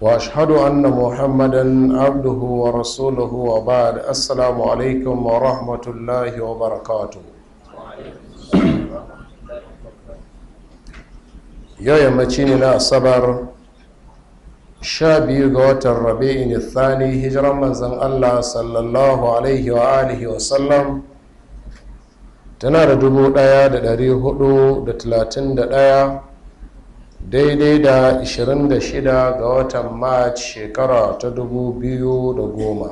واشهد ان محمدا عبده ورسوله وبعد السلام عليكم ورحمه الله وبركاته yau yammaci ne na asabar sha biyu ga watan rabi'in thani hijiran manzan allah sallallahu tana da dubu ɗaya da dari hudu da talatin da ɗaya. daidai da 26 ga watan march shekara ta 2010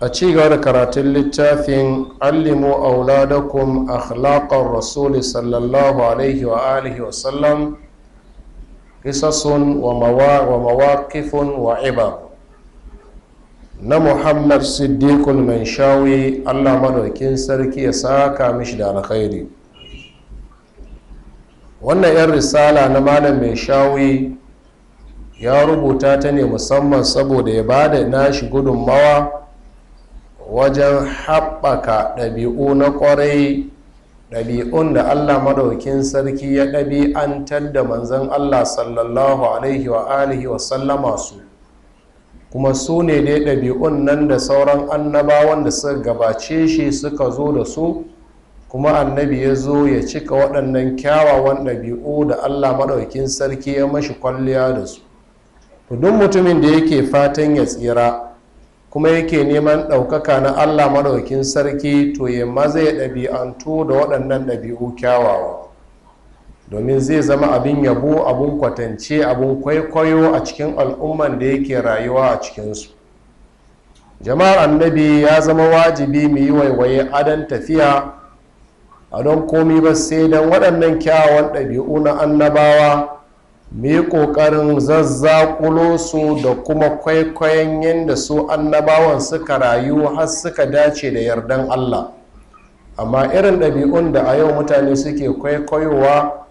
a ci gaba da karatun littafin allimu auladakum akhlaqar rasuli sallallahu alaihi wa alihi wa sallam kisasun wa mawakifun wa iba na muhammad siddiqul manshawi allah madaukin sarki ya saka mishi da alkhairi wannan 'yan risala na malam mai shawi ya rubuta ta ne musamman saboda ya ba da nashi gudunmawa wajen haɓaka ɗabi'u na ƙwarai ɗabi'un da allah maɗaukin sarki ya ɗabi'antar da manzan allah sallallahu alaihi wa alihi wa sallama su kuma su ne dai ɗabi'un nan da sauran annabawan da suka gabace shi suka zo da su kuma annabi ya zo ya cika waɗannan kyawawan ɗabi'u da allah maɗaukin sarki ya mashi kwalliya da su to mutumin da yake fatan ya tsira kuma yake neman ɗaukaka na allah maɗaukin sarki to ya maza ya ɗabi'antu da waɗannan ɗabi'u kyawawa domin zai zama abin yabo abin kwatance abin kwaikwayo a cikin al'umman da yake rayuwa a cikinsu jama'ar annabi ya zama wajibi mu yi waiwaye adon tafiya a don komi ba sai don waɗannan kyawawan ɗabi'u na annabawa mu ƙoƙarin zazzakulo su da kuma kwaikwayon yadda su annabawan suka rayu har suka dace da yardan allah amma irin ɗabi'un da a yau mutane suke kwaikwayowa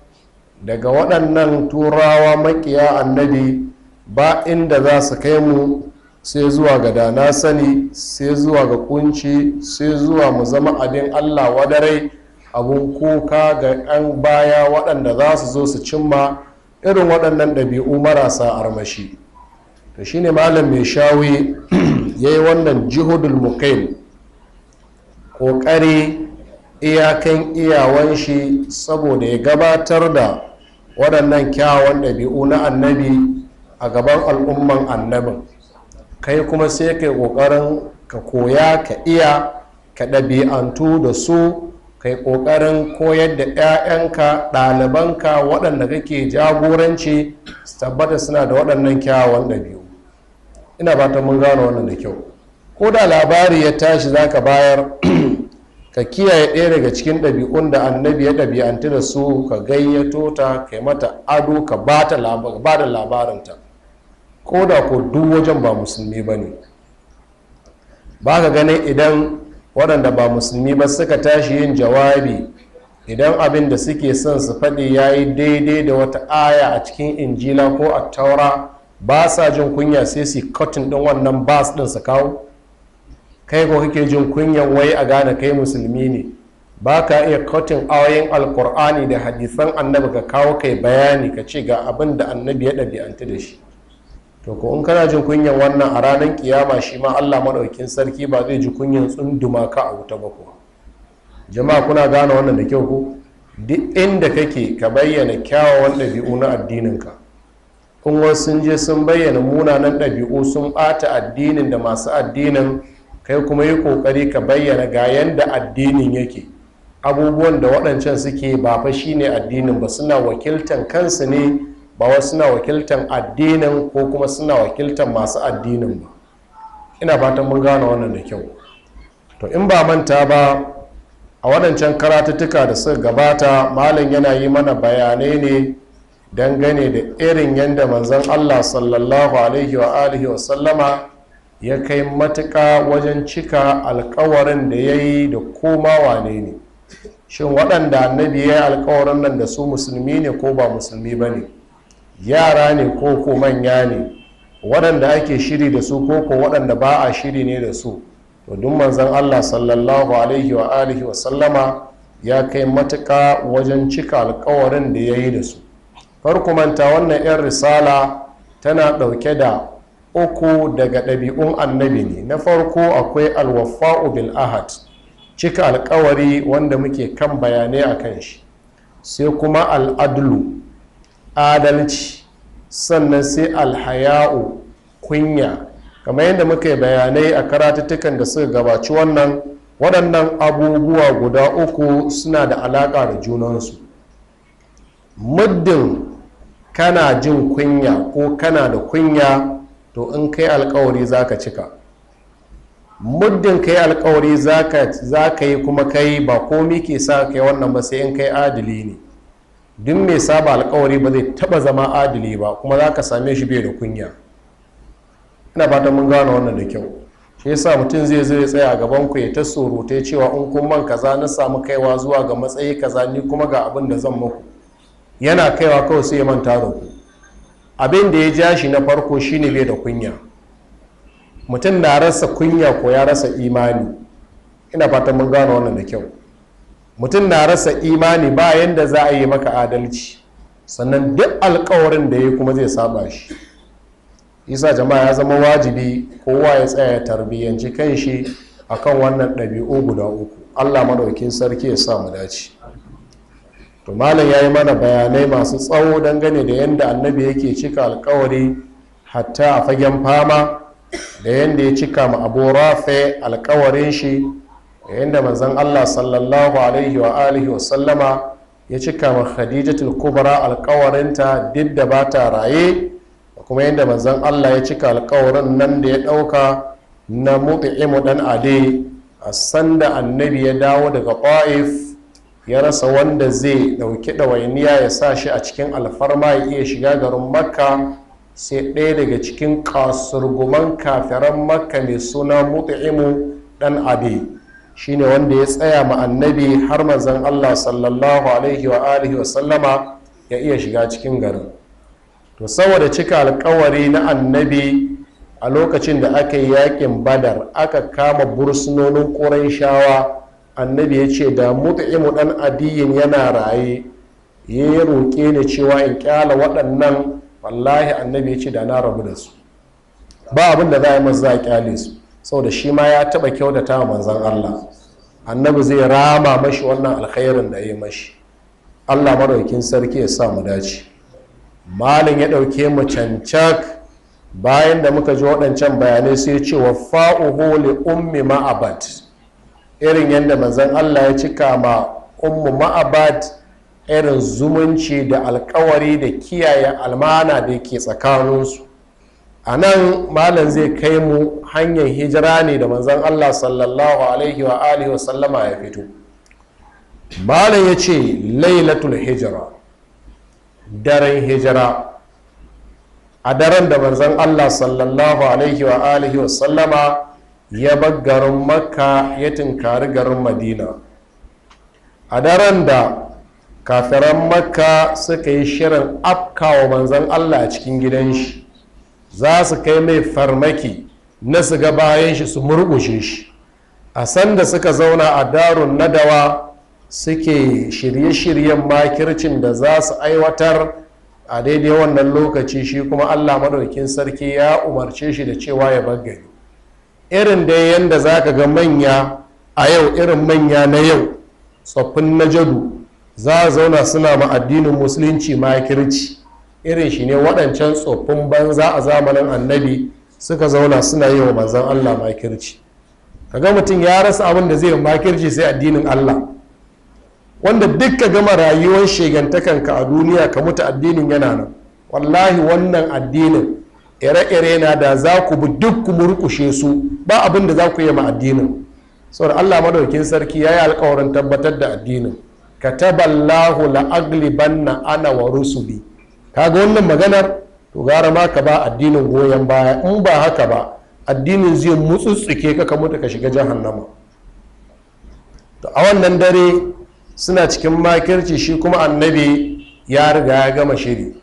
daga waɗannan turawa makiya annabi ba inda za su kai mu sai zuwa ga dana sani sai zuwa ga kunci sai zuwa mu zama abin allah wadarai abun kuka ga 'yan baya waɗanda za su zo su cimma irin waɗannan ɗabi'u marasa armashi to shine malam mai shawi ya yi wannan jihudul mukaim ƙoƙari iyakan iyawan shi saboda ya gabatar da waɗannan kyawawan ɗabi'u na annabi a gaban al'umman annabin kai kuma sai kai ƙoƙarin ka koya ka iya ka ɗabi'antu da su kai ƙoƙarin koyar da 'ya'yanka ɗalibanka waɗanda kake jagoranci su tabbata suna da waɗannan kyawawan ɗabi'u ina fatan mun gano wannan da kyau ko da labari ya tashi za ka bayar ka kiyaye ɗaya daga cikin ɗabi'un da annabi ya ɗabi'antu da su ka gayyato ta kai mata ado ka ba da labarinta ko da ko duk wajen ba musulmi ba ne ba ka ganin idan waɗanda ba musulmi ba suka tashi yin jawabi idan abin da suke son su faɗi ya yi daidai da wata aya a cikin injila ko a taura ba sa jin kunya sai su cotton ɗin wannan bas ɗin su kawo kai ko kake jin kunyan wai a gane kai musulmi ne ba ka iya cotton ayoyin alkur'ani da hadisan annabi ka kawo kai bayani ka ce ga abin da annabi ya ɗabi'anta da shi to ko in kana jin kunyan wannan a ranar kiyama shi ma allah maɗaukin sarki ba zai ji kunyan tsunduma ka a wuta ba kuwa jama'a kuna gane wannan da kyau ko duk inda kake ka bayyana kyawawan ɗabi'u na addininka in wasu sun je sun bayyana munanan ɗabi'u sun ɓata addinin da masu addinin kai kuma yi ƙoƙari ka bayyana ga yanda addinin yake abubuwan da waɗancan suke ba fa shine addinin ba suna wakiltan kansu ne ba wasu suna wakiltar addinin ko kuma suna wakiltar masu addinin ba ina fatan mun gane wannan da kyau to in ba manta ba a waɗancan karatuttuka da suka gabata malam yana yi mana bayanai ne dangane da irin yadda manzon allah sallallahu alaihi wa alihi wa sallama ya kai matuka wajen cika alkawarin da ya yi da koma wane ne shin waɗanda annabi ya yi alkawarin nan da su musulmi ne ko ba musulmi ba ne yara ne koko manya ne waɗanda ake shiri da su koko waɗanda ba a shiri ne da su to duk manzon allah sallallahu alaihi wa alihi wa ya kai matuƙa wajen cika alkawarin da ya yi da su manta wannan 'yan risala tana ɗauke da uku daga ɗabi'un annabi ne na farko akwai alwafa'u bil ahad cika alkawari wanda muke kan bayanai a kan shi sai kuma al'adlu adalci sannan sai alhaya'u kunya kamar yadda muka yi bayanai a karatattukan da suka gabaci wannan waɗannan abubuwa guda uku suna da alaƙa da junansu muddin kana jin kunya ko kana da kunya to in kai alkawari za ka cika muddin kai alkawari za ka yi kuma kai ba komi ke sa kai wannan ba sai in kai adili ne duk mai saba alkawari ba zai taba zama adili ba kuma za ka same shi bai da kunya ina fatan mun gano wannan da kyau shi yasa mutum zai zo ya tsaya a gaban ku ya ta surutai cewa in kun man kaza na samu kaiwa zuwa ga matsayi kaza ni kuma ga abin da zan muku yana kaiwa kawai sai ya manta da ku abin da ya ja shi na farko shine bai da kunya mutum na rasa kunya ko ya rasa imani ina fatan mun gano wannan da kyau mutum na rasa imani bayan da za a yi maka adalci sannan duk alkawarin da ya kuma zai saba shi isa jama'a ya zama wajibi kowa ya tsaya ya tarbiyyanci kan shi akan wannan ɗabi'u guda uku allah maɗaukin sarki ya sa mu dace to malam ya yi mana bayanai masu tsawo dangane da yadda annabi yake cika alkawari hatta a fagen fama da yadda ya cika ma abu rafe alkawarin shi da manzon Allah sallallahu alaihi wa alihi wa sallama ya cika ma Khadijatul Kubra alƙawarinta duk da ba ta raye kuma yadda manzon Allah ya cika alƙawarin nan da ya ɗauka na mu dan Ade a sanda annabi ya dawo daga Qaif ya rasa wanda zai ɗauki ɗawainiya ya sa shi a cikin alfarma ya iya shiga garin Makka sai ɗaya daga cikin kasurguman kafiran Makka mai suna mutu'imu dan Ade shine wanda ya tsaya ma annabi har manzon Allah sallallahu alaihi wa alihi wa ya iya shiga cikin garin to saboda cika alkawari na annabi a lokacin da aka yi yakin badar aka kama bursunonin ƙuran shawa annabi ya ce da mut'imu ɗan adiyin yana raye ya yi roƙe ni cewa in ƙyala waɗannan wallahi annabi ya ce da na rabu da su ba abin da za a yi masu za a ƙyale su saboda shi ma ya taɓa kyautata wa manzan allah annabi zai rama mashi wannan alkhairin da ya yi mashi allah maɗaukin sarki ya sa mu dace malin ya ɗauke mu cancak bayan da muka ji waɗancan bayanai sai ce wa fa'uhu li ummi ma'abad irin yadda manzan Allah ya cika ma ummu ma'abad irin zumunci da alkawari da kiyaye almana da ke tsakaninsu a nan malam zai kai mu hanyar hijira ne da manzan allah sallallahu alaihi wa alihi wa sallama ya fito malam ya ce lailatul hijira daren hijira a daren da manzan allah sallallahu alaihi wa alihi wa sallama ya bar garin makka ya tinkari garin madina a daren da kafiran makka suka yi shirin afkawa manzan allah a cikin gidan shi za su kai mai farmaki na su ga bayan shi su murƙushe shi a sanda suka zauna a darun nadawa suke shirye-shiryen makircin da za su aiwatar a daidai wannan lokaci shi kuma allah maɗaukin sarki ya umarce shi da cewa ya bagani irin da yadda za ka ga manya a yau irin manya na yau tsoffin na jadu za a zauna suna ma addinin musulunci makirci irin shi ne waɗancan tsoffin banza a zamanin annabi suka zauna suna yi wa manzan allah makirci ga mutum ya rasa abin da zai yi makirci sai addinin allah wanda duk gama rayuwar ka a duniya ka mutu addinin yana nan wallahi wannan addinin ire-ire na da za ku bi duk ku murkushe su ba abin da za ku yi ma addinin saboda allah madaukin sarki ya yi alkawarin tabbatar da addinin Ka kataballahu la'aglibanna ana wa rusuli kaga wannan maganar to gara ma ka ba addinin goyon baya in ba haka ba addinin zai mutsutsuke ka ka mutu ka shiga jahannama to a wannan dare suna cikin makirci shi kuma annabi ya riga ya gama shiri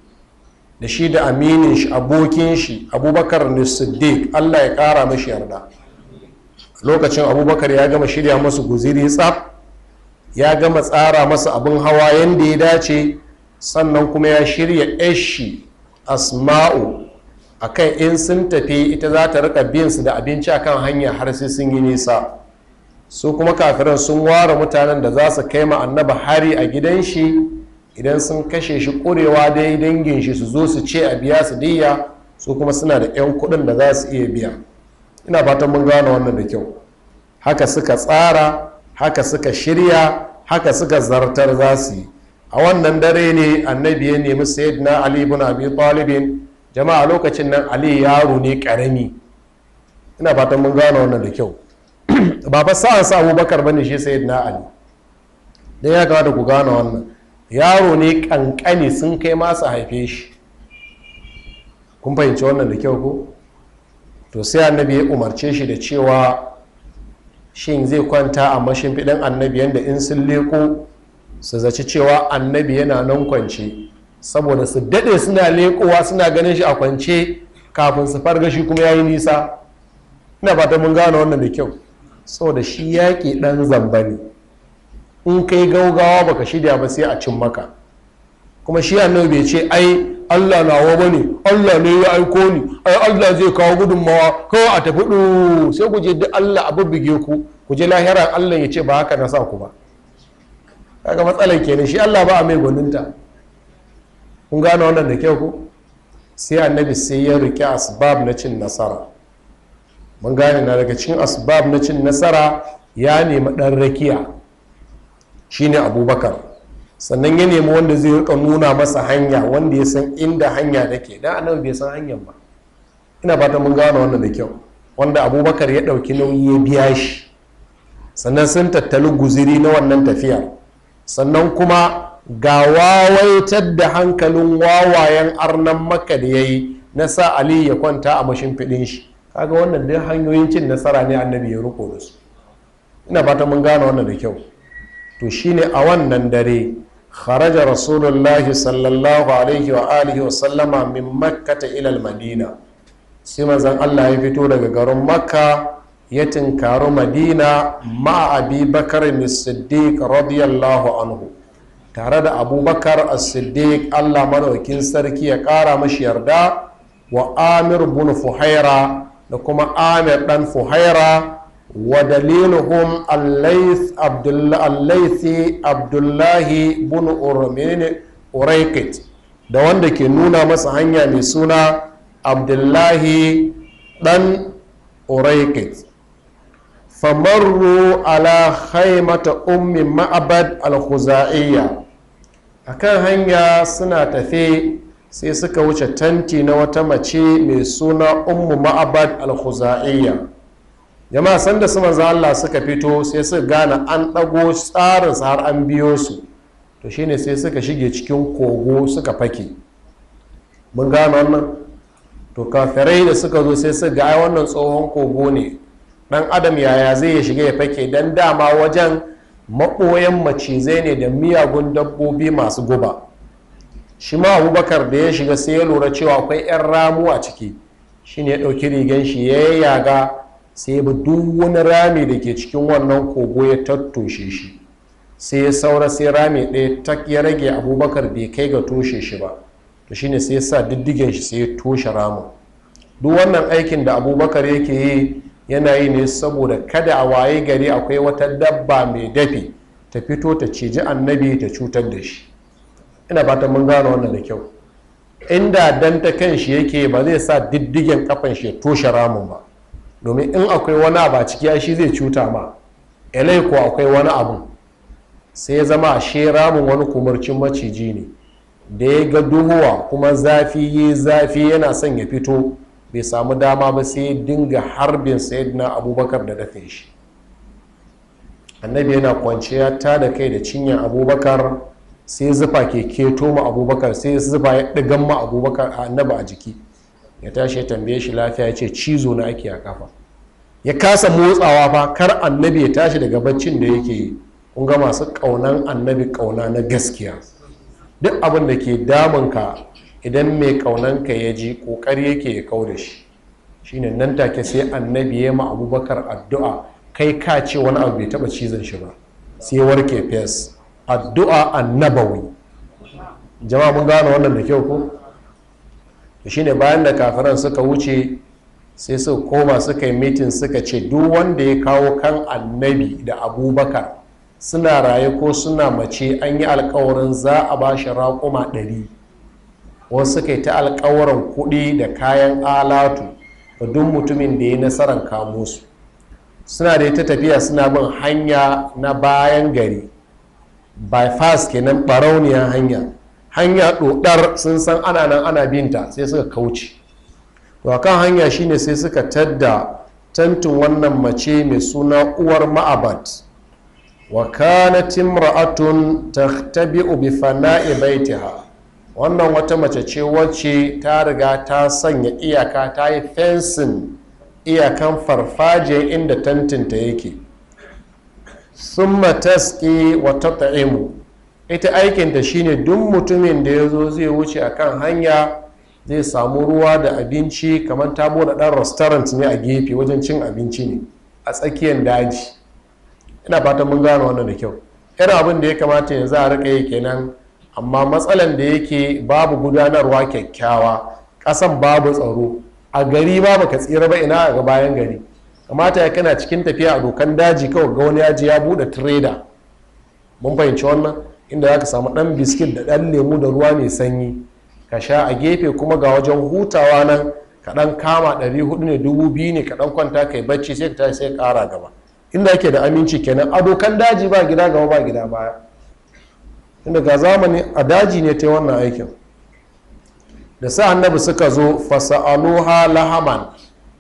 da shi da aminin shi abokin shi abubakar ne siddiq allah ya kara mashi yarda lokacin abubakar ya gama shirya masu guziri tsaf ya gama tsara masu abin hawa yadda ya dace sannan kuma ya shirya eshi asma'u kan in sun tafi ita za ta rika biyan su da abinci a kan hanya har sai sun yi nisa su kuma kafiran sun ware mutanen da za su kai ma annaba hari a gidan shi idan sun kashe shi kurewa dai dangin shi su zo su ce a biya su diya su kuma suna da 'yan kuɗin da za su iya biya ina fatan mun gane wannan da kyau haka suka tsara haka suka shirya haka suka zartar za su yi a wannan dare ne annabi ya nemi sayyidina ali ibn abi talibin jama'a lokacin nan ali yaro ne karami ina fatan mun gane wannan da kyau ba fa sa sa abubakar bane shi sayyidina ali dan ya kamata ku gane wannan yaro ne kankani sun kai masa haife shi kun fahimci wannan da kyau ko to sai annabi ya umarce shi da cewa shin zai kwanta a mashimfiɗin annabi yanda in sun leko su zaci cewa annabi yana nan kwance saboda su daɗe suna leƙowa suna ganin shi a kwance kafin su farga shi kuma yayi nisa ina fata mun gane wannan da kyau saboda shi yaƙi ɗan zamba ne in kai gaugawa baka shirya ba sai a cin maka kuma shi annabi bai ce ai Allah nawa bane Allah ne ya aiko ni ai Allah zai kawo gudunmawa kawai a tafi sai ku je duk Allah a bubbuge ku ku je lahira Allah ya ce ba haka na sa ku ba kaga matsalar kenan shi Allah ba a mai gwaninta kun gane wannan da kyau ko sai annabi sai ya rike asbab na cin nasara mun gane na daga cikin asbab na cin nasara ya nemi dan rakiya shine abubakar sannan ya nemi wanda zai rika nuna masa hanya wanda ya san inda hanya take dan annabi bai san hanyar ba ina fata mun gane wannan da kyau wanda abubakar ya ɗauki nauyi ya biya shi sannan sun tattali guziri na wannan tafiya sannan kuma ga wawaitar da hankalin wawayen arnan maka da ya yi na sa ali ya kwanta a mashimfiɗin shi kaga wannan dai hanyoyin cin nasara ne annabi ya ruko da su ina fata mun gane wannan da kyau to shine a wannan dare kharaja rasulullahi sallallahu alaihi wa alihi wa sallama min makka ta ilal madina sai manzon Allah ya fito daga garin makka ya tinkaru madina ma abi bakar siddiq radiyallahu anhu tare da abubakar as-siddiq allah madaukin sarki ya kara mashi yarda wa amir bin fuhaira da kuma amir dan fuhaira wa daliluhum allaithi abdullahi bin urmini uraikit da wanda ke nuna masa hanya mai suna abdullahi dan uraikit famarru ala haimata ummin ma'abad al-khuza'iyya kan hanya suna tafe sai suka wuce tanti na wata mace mai suna ummu ma'abad al-khuza'iyya jama'a sanda su manzo Allah suka fito sai suka gane an ɗago tsarin har an biyo su to shine sai suka shige cikin kogo suka fake mun gane wannan to kafirai da suka zo sai suka ga wannan tsohon kogo ne Ɗan adam yaya zai ya shiga ya fake dan dama wajen maɓoyan macizai ne da miyagun dabbobi masu guba shi ma abubakar da ya shiga sai ya lura cewa akwai 'yan ramu a ciki shi ne ya ɗauki rigan shi ya yaga sai ya bi duk wani rami da ke cikin wannan kogo ya tattoshe shi sai ya saura sai rami ɗaya ya rage abubakar bai kai ga toshe shi ba to shine sai ya sa diddigen shi sai ya toshe ramu. duk wannan aikin da abubakar yake yi yana yi ne saboda kada a waye gari akwai wata dabba mai dafi ta fito ta ciji annabi ta cutar da shi ina fatan mun gano wannan da kyau inda dan ta kan shi yake ba zai sa diddigen kafan shi ya toshe ramin ba domin in akwai wani abu a ciki shi zai cuta ma elai ko akwai wani abu sai ya zama ashe ramun wani kumarcin maciji ne da ya ga duhuwa kuma zafi yi zafi yana son ya fito bai samu dama ba sai dinga harbin sayidina abubakar da dafin shi annabi yana kwanciya ta da kai da cinyar abubakar sai zufa ke keto ma abubakar sai zufa ya ɗigan ma abubakar a annaba a jiki ya tashi ya tambaye shi lafiya ya ce cizo na ake a kafa ya kasa motsawa fa kar annabi ya tashi daga baccin da yake yi kun ga masu ƙaunan annabi ƙauna na gaskiya duk abin da ke damunka idan mai kaunanka ya ji kokari yake ya kau da shi shine nan take sai annabi ya ma abubakar addu'a kai ka ce wani abu bai taba cizon shi ba sai warke fes addu'a annabawi jama'a mun gane wannan da kyau ko to shine bayan da kafiran suka wuce sai su koma suka yi mitin suka ce duk wanda ya kawo kan annabi da abubakar suna raye ko suna mace an yi alkawarin za a ba shi raƙuma ɗari wasu kai ta alkawaran kuɗi da kayan alatu ga duk mutumin da ya nasarar kamo su suna da ta tafiya suna bin hanya na bayan gari bypass kenan barauniyar hanya hanya ɗoɗar sun san ana nan ana binta sai suka kauce to kan hanya shine sai suka tadda tantin wannan mace mai suna uwar ma'abat wa kanat imra'atun tahtabi'u bi fana'i baitiha wannan wata mace ce wacce ta riga ta sanya iyaka ta yi fensin iyakan farfajiyar inda tantinta yake sun mataski wata ta'imu ita aikinta shine duk mutumin da ya zo zai wuce akan hanya zai samu ruwa da abinci kamar ta bude ɗan restaurant ne a gefe wajen cin abinci ne a tsakiyar daji ina fatan mun gane wannan da kyau irin abin da ya kamata yanzu a rika yi kenan amma matsalan da yake babu gudanarwa kyakkyawa ƙasan babu tsaro a gari babu ka tsira ba ina a bayan gari kamata ya kana cikin tafiya a dokan daji kawai ga wani yaji ya buɗe tireda mun fahimci wannan inda za ka samu ɗan biskit da ɗan lemu da ruwa mai sanyi ka sha a gefe kuma ga wajen hutawa nan ka ɗan kama ɗari hudu ne dubu biyu ne ka ɗan kwanta kai yi bacci sai ka tashi sai ƙara gaba inda yake da aminci kenan a dokan daji ba gida gaba ba gida baya inda ga zamani a daji ne ta wannan aikin da sa annabi suka zo fasa'aluha lahaman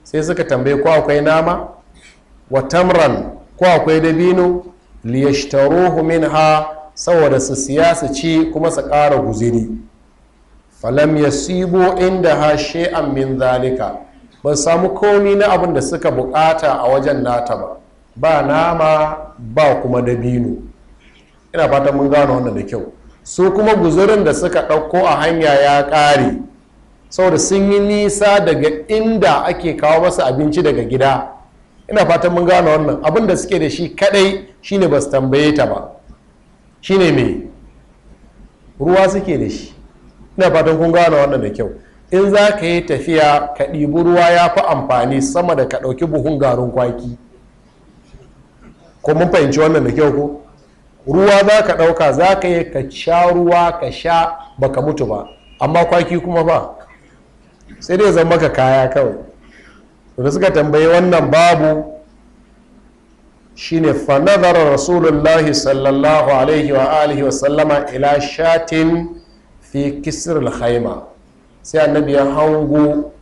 sai suka tambaye ko akwai nama wa tamran ko akwai dabino liyashtaruhu ha saboda su siya su ci kuma su ƙara guziri falam yasibu inda ha shay'an min zalika ba samu komi na abin da suka bukata a wajen nata ba ba nama ba kuma dabino ina fatan mun gano wannan da kyau su kuma guzurin da suka ɗauko a hanya ya ƙare saboda sun yi nisa daga inda ake kawo masa abinci daga gida ina fatan mun gano wannan abin da suke da shi kadai shine ba su tambaye ta ba shine me ruwa suke da shi ina fatan kun gano wannan da kyau in za ka yi tafiya ka ɗibi ruwa ya fi amfani sama da ka ɗauki buhun garin kwaki ko mun fahimci wannan da kyau ko ruwa za ka ɗauka za ka yi ka sha ruwa ka sha baka mutu ba amma kwaki kuma ba sai dai zama ka kaya kawai da suka tambayi wannan babu shine fa nazara rasulullahi sallallahu alaihi wa alihi wa sallama ila shatin fi kisir alhaima sai annabi ya hango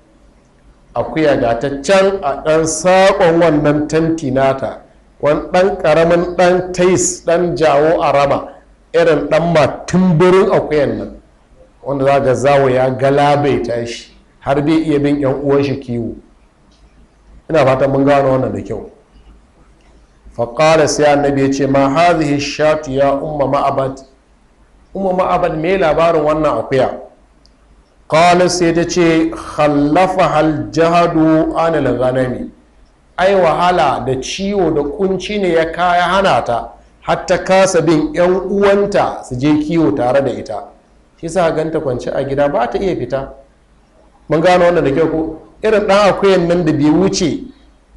akuya ga ta can a ɗan saƙon wannan tanti nata wani ɗan ƙaramin ɗan tais ɗan jawo a rama irin ɗan birin akuyan nan wanda za ga zawo ya galabaita shi har bai iya bin yan uwan shi kiwo ina fata mun gano wannan da kyau faƙala sai annabi ya ce ma hazihi shatu ya umma ma'abad umma ma'abad me labarin wannan akuya qala sai ta ce khallafa hal jahadu anil ghanami ai wahala da ciwo da kunci ne ya kaya hana ta hatta kasa bin 'yan uwanta su je kiwo tare da ita shi sa ganta kwance a gida ba ta iya fita mun gano wannan da kyau ko irin ɗan akuyan nan da bai wuce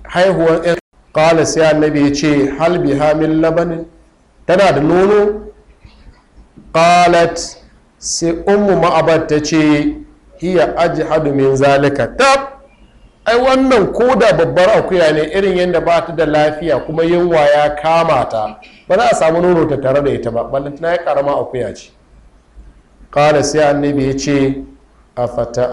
haihuwar 'yan kala sai annabi ya ce halbi hamil labanin tana da nono qalat sai ummu ma'abar ta ce hiya ajhadu min zalika tab ai wannan ko da babbar akuya ne irin yadda ba ta da lafiya kuma yunwa ya kama ta ba za a samu nono ta tare da ita ba ballanta na ya karama akuya ce kala sai annabi ya ce a fata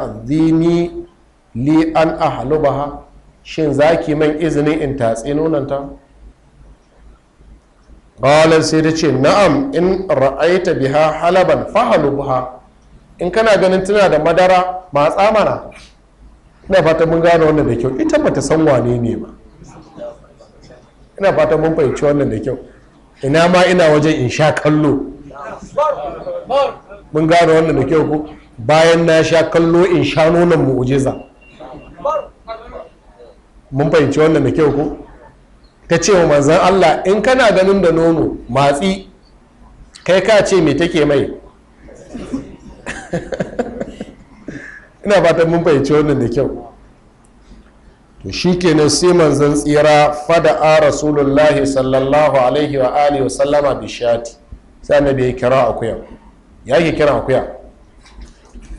azini li an ha shin za ki man izinin in tatsi nonanta kala sai ta ce na'am in ra'aita biha halaban ba. in kana ganin tana da madara ba tsamana ina fata mun gane wannan da kyau ita bata san wane ne ba ina fata mun fahimci wannan da kyau ina ma ina wajen in sha kallo mun gane wannan da kyau ko bayan na sha kallo in sha nonon mu'ujiza mun fahimci wannan da kyau ko ta ce wa manzan Allah in kana ganin da nono matsi kai ka ce me take mai ina fatan mun fahimci wannan da kyau to shikenan sai manzan tsira fada'a rasulullahi sallallahu alaihi wa alihi wa sallama bi shati sai na biya kira akuya ya ke kira akuya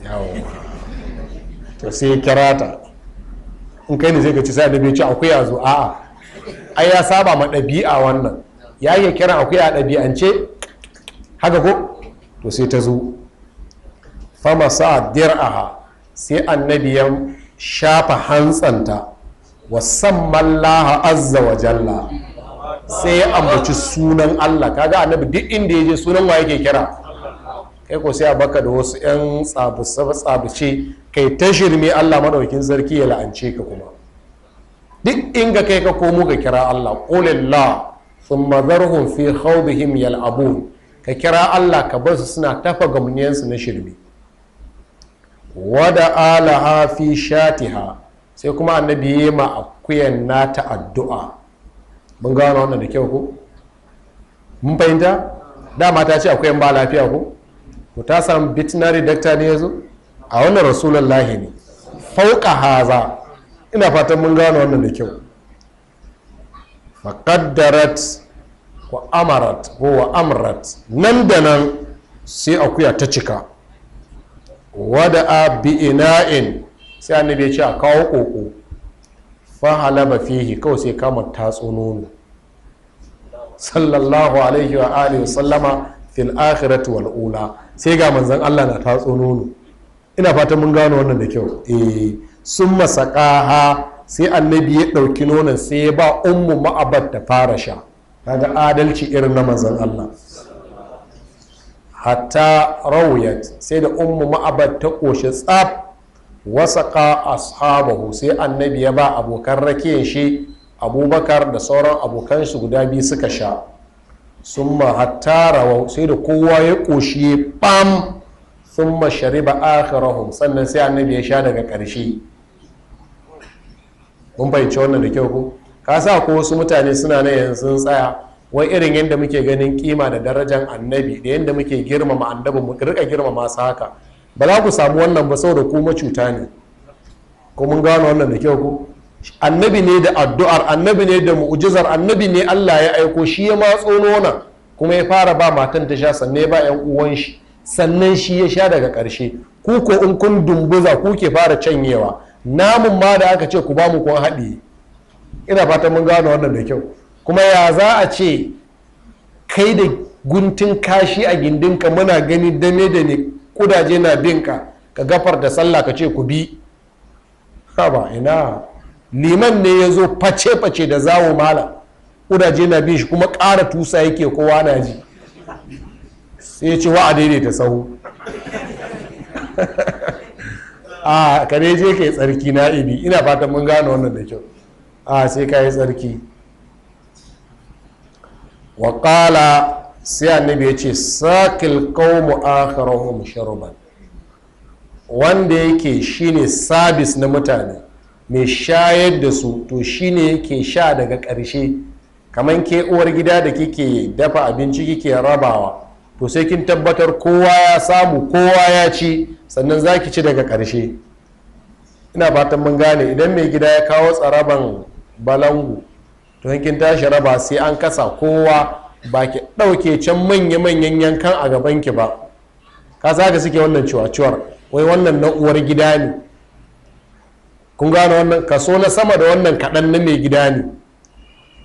yawo to sai ya kira ta in kai ne zai ka ci sai na biya ci akuya zo a'a ai ya saba ma ɗabi'a wannan ya ke kira akuya a ɗabi'ance haka ko to sai ta zo fama sa dir'aha sai annabi ya shafa hantsanta wasamman laha azza wa jalla sai ya ambaci sunan allah kaga annabi duk inda ya je sunan wa yake kira kai ko sai a baka da wasu 'yan tsabuce kai ta shirme allah maɗaukin sarki ya la'ance ka kuma duk inga kai ka komo ka kira allah qulillah thumma dharhum fi khawdihim yal'abun ka kira allah ka bar su suna tafa gamniyansu na shirme wada alaha fi shatiha sai kuma annabi ya ma akuyan nata addu'a mun gano wannan da kyau ku mun fahimta dama ta ce akuyan ba lafiya ku ku ta samu bitinari dakta ne yazo a wannan lahi ne fauka haza ina fatan mun gano wannan da kyau faƙaddarat ko amarat ko wa amrat nan da nan sai akuya ta cika wada bi ina'in sai annabi ya ce a kawo koko fa fihi kawai sai kama tatso nono sallallahu alaihi wa alihi sallama fil akhiratu wal ula sai ga manzon Allah na tatso nono ina fatan mun gano wannan da kyau eh sun ha sai annabi ya dauki nonon sai ya ba ummu ma'abat ta fara sha kaga adalci irin na manzon Allah hatta rawiyat sai da ummu ma'abar ta ƙoshi tsaf wasaƙa ashabahu sai annabi ya ba abokan rakiyar shi abubakar da sauran abokan shi guda biyu suka sha summa hatta rawau sai da kowa ya ƙoshi bam summa shariba akhirahum sannan sai annabi ya sha daga ƙarshe mun fahimci wannan da kyau ko ka sa ko wasu mutane suna nan yanzu tsaya wai irin yadda muke ganin kima da darajar annabi da yadda muke girmama annabi mu rika girmama su haka ba za ku samu wannan ba saboda ku cuta ne ko mun gano wannan da kyau ku annabi ne da addu'ar annabi ne da mu'ujizar annabi ne Allah ya aiko shi ya matso nona kuma ya fara ba matan ta sha sannan ba yan uwan shi sannan shi ya sha daga karshe ku ko in kun dumbuza ku ke fara canyewa namun ma da aka ce ku ba mu kun haɗi ina fatan mun gano wannan da kyau kuma ya za a ce kai da guntun kashi a gindinka muna gani dame da ne kudaje na binka ka gafar da sallah ka ce ku bi ba ina liman ne ya zo face-face da zawo mala kudaje na bin shi kuma ƙara tusa yake kowa na ji sai ya ce wa a daidaita sahu a kare je ka yi tsarki na ibi ina fatan mun gane wannan da kyau a sai ka yi tsarki waƙala sai annabi ya ce sakil qaumu akharahum sharuban wanda yake shine sabis na mutane mai shayar da su to shine yake sha daga ƙarshe kamar ke uwar gida da kike dafa abinci kike rabawa to sai kin tabbatar kowa ya samu kowa ya ci sannan za ki ci daga ƙarshe ina fatan mun gane idan mai gida ya kawo tsaraban balangu Don kin tashi raba sai an kasa kowa ba ki ɗauke can manya-manyan yankan a gaban ki ba ka ka suke wannan ciwaciwar wai wannan na uwar gida ne kun gane wannan kaso na sama da wannan kaɗan na mai gida ne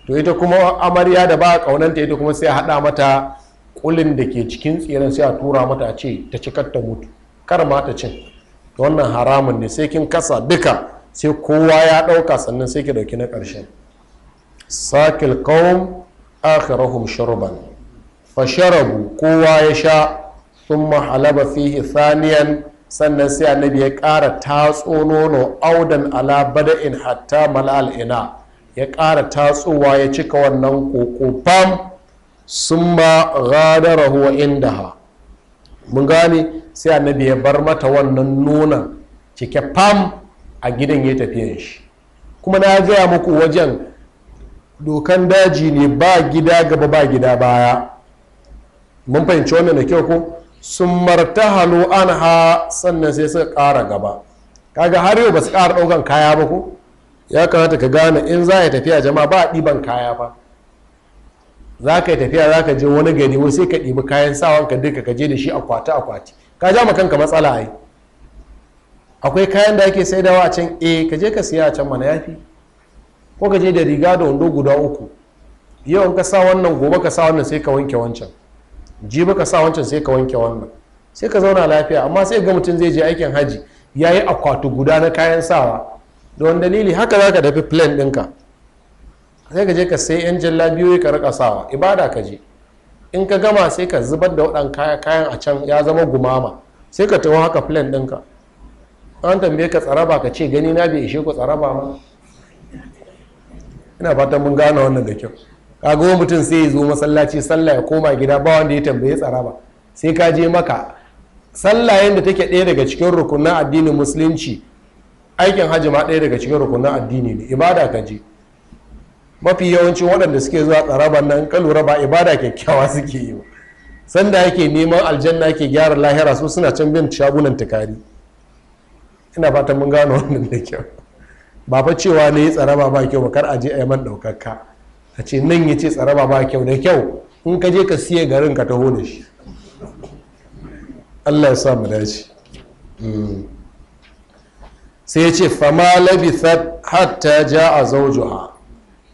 to ita kuma amarya da ba a ƙaunanta ita kuma sai a haɗa mata ƙulin da ke cikin tseren sai a tura mata a ce ta ci ta mutu kar ma ta cin wannan haramun ne sai kin kasa duka sai kowa ya ɗauka sannan sai ki ɗauki na ƙarshen sakil kawon akhirahum shurban fa sharabu kowa ya sha sun halaba fihi thaniyan sannan sai annabi ya ƙara tatso nono audan ala bada'in hatta mala'al ina ya ƙara tatsowa ya cika wannan koko fam gada ghadarahu wa indaha mun gane sai annabi ya bar mata wannan nonon cike fam a gidan ya tafiye shi kuma na gaya muku wajen dokan daji ne ba gida gaba ba gida baya mun fahimci wannan da kyau ko sun marta halu an ha sannan sai suka ƙara gaba kaga har yau ba su ƙara ɗaukan kaya ba ko ya kamata ka gane in za ya tafiya jama'a ba a ɗiban kaya ba za ka yi tafiya za ka je wani gari wai sai ka ɗibi kayan sawan ka duka ka je da shi akwati akwati ka ja kanka matsala ai akwai kayan da ake saidawa a can eh ka je ka siya a can mana yafi ko ka je da riga da wando guda uku yau ka sa wannan gobe ka sa wannan sai ka wanke wancan jibi ka sa wancan sai ka wanke wannan sai ka zauna lafiya amma sai ga mutum zai je aikin haji ya yi akwatu guda na kayan sawa da wani dalili haka za ka tafi plan ɗinka sai ka je ka sai yan jalla biyu ka rika sawa ibada ka je in ka gama sai ka zubar da waɗan kayan a can ya zama gumama sai ka taho haka plan ɗinka an tambaye ka tsaraba ka ce gani na bai ishe ku tsaraba ma ina fatan mun gane wannan da kyau kaga wani mutum sai ya zo masallaci sallah ya koma gida ba wanda ya tambaye tsara ba sai ka je maka sallah yadda take ɗaya daga cikin rukunan addinin musulunci aikin hajji ma ɗaya daga cikin rukunan addini ne ibada ka je mafi yawancin waɗanda suke zuwa tsaraban nan ka lura ba ibada kyakkyawa suke yi sanda yake neman aljanna ke gyara lahira su suna can bin shagunan tukari ina fatan mun gano wannan da kyau ba fa cewa ne tsaraba ba kyau ba kar a je a yi man a ce nan ya ce tsaraba ba kyau da kyau in ka je ka siya garin ka taho da shi allah ya sa mu dace hmm. sai ya ce fama labithat hatta ja a zaujuha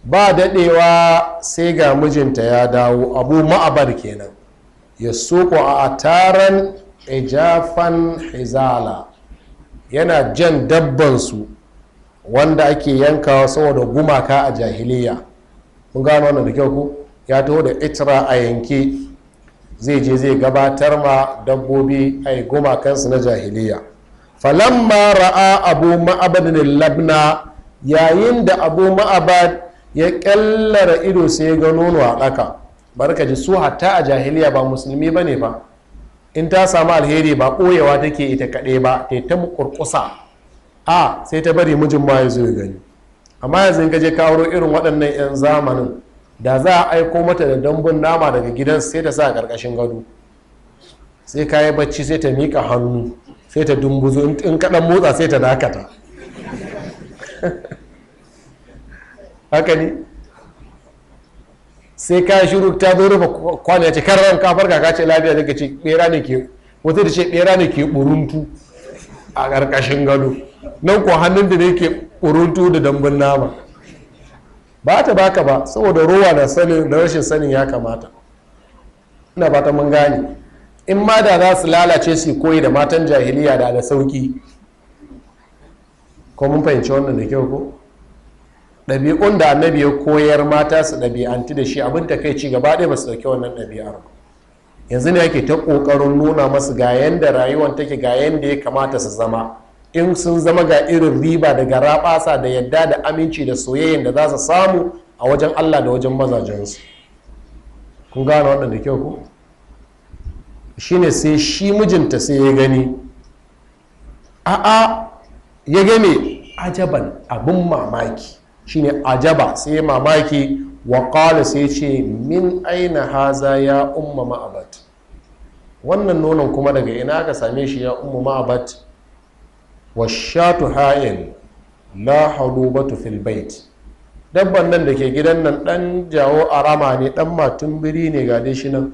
ba daɗewa sai ga mijinta ya dawo abu ma'abar kenan ya soko a taron ijafan hizala yana jan dabbansu wanda ake yankawa saboda gumaka a jahiliya mun gano wannan da kyau ku ya taho da itra a yanke zai je zai gabatar ma dabbobi a gumakansu na jahiliya falamma ra'a abu ma'abadin labna yayin da abu ma'abad ya kyallara ido sai ya ga nono a ɗaka barka ji su hatta a jahiliya ba musulmi ba ba in ta samu alheri ba ɓoyewa take ita kaɗai ba ta ta ƙurƙusa. a sai ta bari mijin ma ya zo ya gani amma yanzu ka je kawo irin waɗannan 'yan zamanin da za a aiko mata da dambun nama daga gidan sai ta sa a ƙarƙashin gado sai ka yi bacci sai ta miƙa hannu sai ta dumbuzo in kaɗan motsa sai ta dakata haka ne sai ka yi shiru ta zo rufe kwanu ya ce karar kafar ka ce lafiya daga ce ɓera ne ke wata da ce ɓera ne ke ɓuruntu a ƙarƙashin gado nan ko hannun da yake ƙurutu da dambun nama ba ta baka ba saboda rowa na sanin da rashin sanin ya kamata ina ba ta mun gane in ma da za su lalace su koyi da matan jahiliya da da sauki ko mun fahimci wannan da kyau ko ɗabi'un da annabi ya koyar mata su ɗabi'anti da shi abin ta kai ci gaba ɗaya ba su ɗauki wannan ɗabi'ar ba yanzu ne ake ta ƙoƙarin nuna masu ga yanda rayuwar take ga yanda ya kamata su zama in sun zama ga irin riba daga rabasa da yadda da aminci da soyayyen da za su samu a wajen allah da wajen mazajensu kun gane wannan da kyau ku shine sai shi mijinta sai ya gani a'a ya game ajaban abin mamaki shine ajaba sai mamaki wa qala sai ce min aina haza ya umma ma'abat wannan nonon kuma daga ina ka same shi ya umma ma'abat washatu ha'in la halubatu fil bait dabban nan da ke gidan nan dan jawo arama ne dan matumbiri ne ga shi nan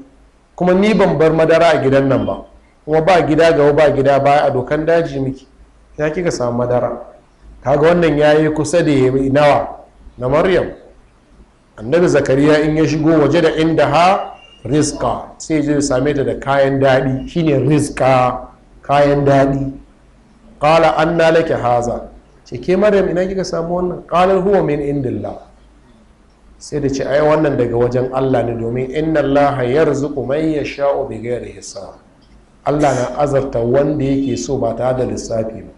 kuma ni ban bar madara a gidan nan ba kuma ba gida gaba ba gida baya a dokan daji miki ya kika samu madara kaga wannan yayi kusa da nawa na maryam annabi zakariya in ya shigo waje da inda ha riska sai ya same ta da kayan daɗi shine riska kayan daɗi qala anna laki haza ce ke maryam ina kika samu wannan qalar huwa min indillah sai da ce ai wannan daga wajen Allah ne domin inna Allah yarzuqu man yasha'u bighairi hisab Allah na azarta wanda yake so ba tare da lissafi ba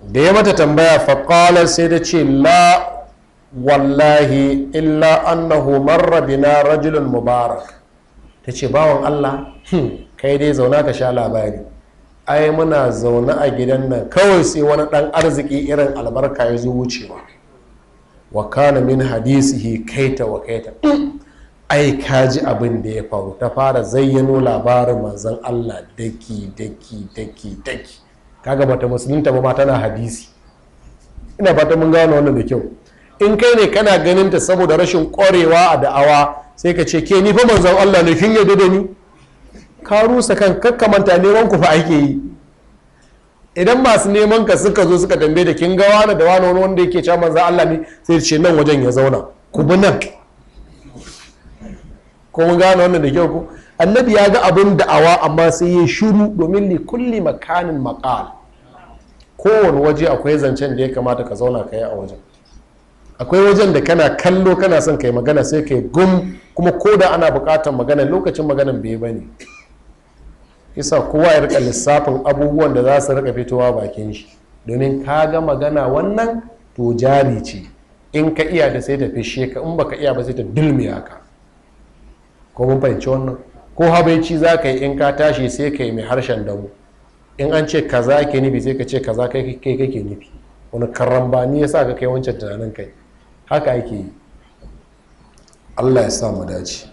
da ya mata tambaya faƙala sai da ce la wallahi illa annahu marra bina rajulun mubarak ta ce bawan allah hmm, kai dai zauna ka sha labari ai muna zaune a gidan nan kawai sai wani ɗan arziki irin albarka ya zo wucewa wa kana min hadisihi kaita wa kaita mm, ai kaji abin da ya faru ta fara zayyano labarin manzon Allah daki daki daki daki kaga bata musulunta ba ma tana hadisi ina fata mun gane wannan da kyau in kai ne kana ganin ta saboda rashin ƙwarewa a da'awa sai ka ce ke ni fa manzon Allah ne kin yadda da ni ka rusa kan kakkamanta neman ku fa ake yi idan masu neman ka suka zo suka tambaye da kin gawa da wani wani wanda yake caman za' Allah ne sai ce nan wajen ya zauna ku bi nan ko mun gane wannan da kyau ko annabi ya ga abin da'awa amma sai ya shiru domin li kulli makanin maqal kowane waje akwai zancen da ya kamata ka zauna ka yi a wajen akwai wajen da kana kallo kana son ka yi magana sai ka yi gum kuma ko da ana buƙatar magana lokacin maganan bai bane ne isa kowa ya rika lissafin abubuwan da za su rika fitowa bakin shi domin ka ga magana wannan to jari ce in ka iya da sai ta fishe ka in baka iya ba sai ta dulmiya ka ko mun fahimci wannan ko habaici za ka yi in ka tashi sai ka yi mai harshen damu in an ce kaza ke nufi sai ka ce kaza kai kake nufi wani karambani ya sa ka kai wancan tunanin kai haka ake yi allah ya sa mu dace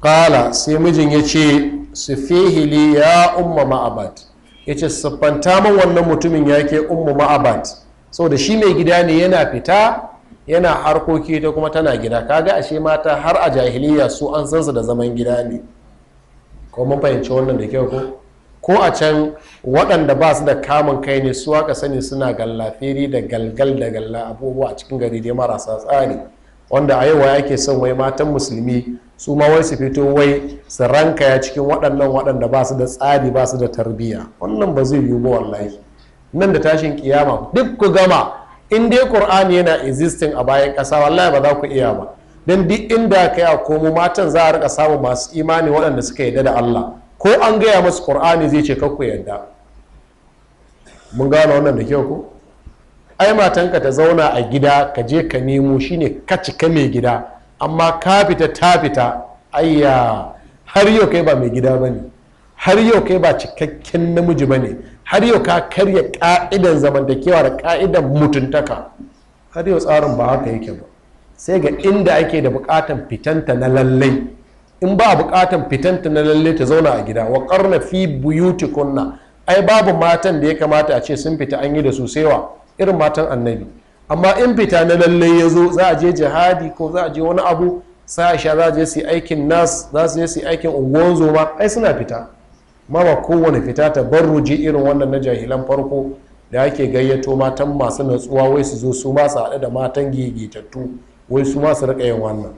Qala sai mijin ya ce su fihili ya umma ma'abat ya ce siffanta min wannan mutumin ya ke umma ma'abat saboda shi mai gida ne yana fita yana harkoki ta kuma tana gida kaga ashe mata har a jahiliya su an san su da zaman gida ne ko mun fahimci wannan da kyau ko ko a can waɗanda ba su da kamun kai ne su aka sani suna gallaferi da galgal da galla abubuwa a cikin gari dai marasa tsari wanda a yau ake son wai matan musulmi su ma wai su fito wai su rankaya cikin waɗannan waɗanda ba su da tsari ba su da tarbiyya wannan ba zai yiwu ba wallahi nan da tashin kiyama duk ku gama in dai qur'ani yana existing a bayan ƙasa wallahi ba za ku iya ba dan duk inda ka ya komo matan za a rika samu masu imani waɗanda suka yarda da Allah ko an gaya musu qur'ani zai ce kakku yarda mun gano wannan da kyau ko ai matanka ta zauna a gida ka je ka nemo shine ka cika mai gida amma ka fita ta fita ayya har yau kai ba mai gida ba ne har yau kai ba cikakken namiji ba ne har yau ka karya ka'idan zamantakewa da ka'idan mutuntaka har yau tsarin ba haka yake ba sai ga inda ake da bukatan fitanta na lallai in ba bukatan fitanta na lallai ta zauna a gida wa karna fi buyuti kunna. ai babu matan da ya kamata a ce sun fita an yi da su sewa irin matan annabi amma in fita na lallai ya zo za a je jihadi ko za a je wani abu sa'isha za a je su aikin nas za su je su aikin unguwan zoma ai suna fita ma ba kowane fita ta barruji irin wannan na jahilan farko da ake gayyato matan masu natsuwa wai su zo su masu haɗu da matan gigitattu wai su masu riƙa yin wannan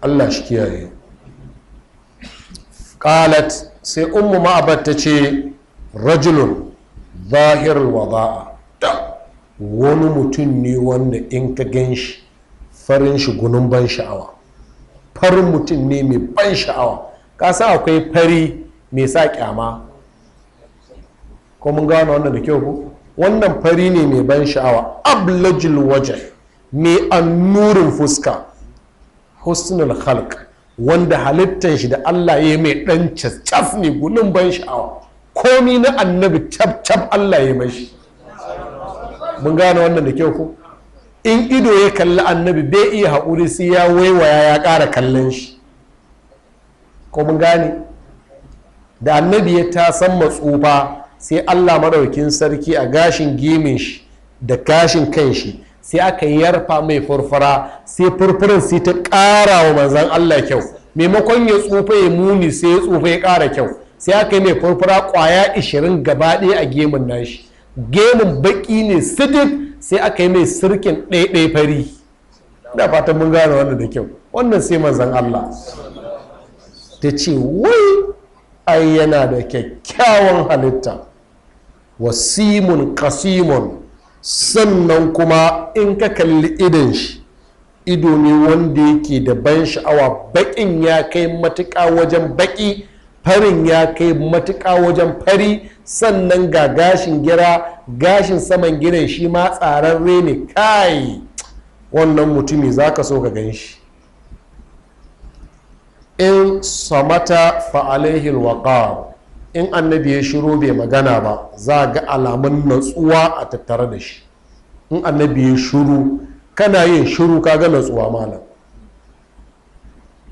allah shi kiyaye qalat sai ummu ma'abat ta ce rajulun zahirul wada'a wani mutum ne wanda in ka gan shi farin shi gunun ban sha'awa farin mutum ne mai ban sha'awa ka sa akwai fari mai sa kyama ko mun gano wannan da kyau ku wannan fari ne mai ban sha'awa ablajil waje mai annurin fuska husnul khalq wanda halittar shi da allah ya mai dan cas ne gunun ban sha'awa komi na annabi cap cap allah ya mashi mun gane wannan da kyau ko in ido ya kalli annabi bai iya haƙuri sai ya waiwaya ya ƙara kallon shi ko mun gane da annabi ya ta san matsufa sai allah maɗaukin sarki a gashin gemin shi da gashin kan shi sai aka yarfa mai furfura sai furfuran sai ta ƙara wa manzan allah kyau maimakon ya tsufa ya muni sai ya tsufa ya ƙara kyau sai aka yi mai furfura ƙwaya 20 gaba ɗaya a gemun nashi gemun baki ne sitik sai aka yi mai sirkin ɗaiɗai fari da fatan mun gane wannan da kyau wannan sai manzan Allah ta ce wai ai yana da kyakkyawan halitta wasimun kasimun sannan kuma in ka kalli idon shi ido ne wanda yake da ban sha'awa bakin ya kai matuƙa wajen baki farin ya kai matuka wajen fari sannan ga gashin gira gashin saman gidan shi ma tsararre ne kai wannan mutumi za ka so ka gan shi in samata fa'alaihin waqar in annabi ya shiro bai magana ba za a ga alamun natsuwa a tattare da shi in annabi ya shiru kana yin shiru ga natsuwa malam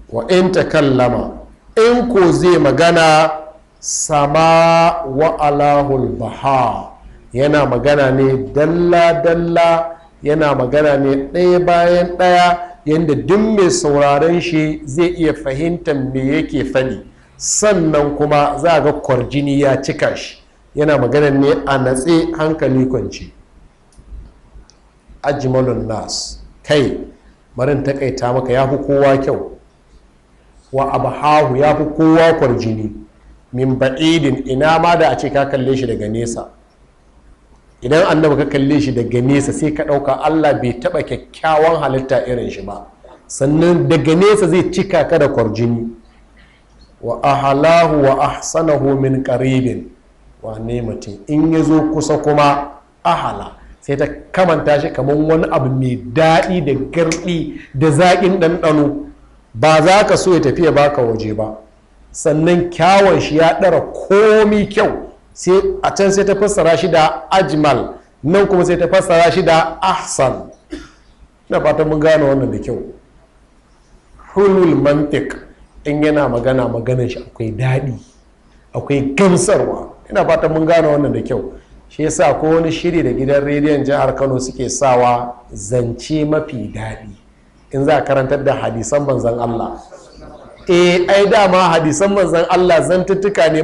wa in takallama in ko zai magana sama wa alahul baha yana magana ne dalla-dalla yana magana ne ɗaya bayan ɗaya yadda duk mai sauraron shi zai iya fahimtar me yake faɗi sannan kuma za ga kwarjini ya cika shi yana magana ne a natse hankali kwanci ajimalun nas kai marin takaita maka ya fi kowa kyau wa abahahu ya fi kowa kwarjini min ba'idin ina ma da a ce ka kalle shi daga nesa idan annabi ka kalle shi daga nesa sai ka ɗauka allah bai taɓa kyakkyawan halitta irin shi ba sannan daga nesa zai cika ka da kwarjini wa ahalahu wa ahsanahu min ƙaribin, wa nimatin in ya zo kusa kuma ahala sai ta kamanta shi kamar wani abu mai daɗi da garɗi da zaƙin ɗanɗano ba za ka so ya tafiya baka waje ba sannan kyawun shi ya ɗara komi kyau sai a can sai ta fassara shi da ajmal nan kuma sai ta fassara shi da ahsan na fatan mun gane wannan da kyau hulul mantik in yana magana maganin shi akwai daɗi akwai gamsarwa ina fatan mun gane wannan da kyau shi yasa ko wani shiri da gidan rediyon jihar kano suke sawa zance mafi daɗi in za a karantar da hadisan manzan Allah eh ai dama hadisan manzan Allah zantuttuka ne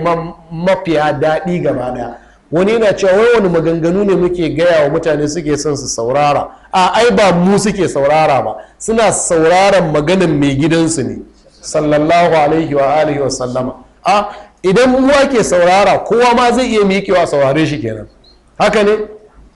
mafiya daɗi gaba ɗaya wani yana cewa wai wani maganganu ne muke gaya wa mutane suke son su saurara a ai ba mu suke saurara ba suna sauraron maganan mai gidansu ne sallallahu alaihi wa alihi wa sallama a idan uwa ke saurara kowa ma zai iya miƙewa saurare shi kenan haka ne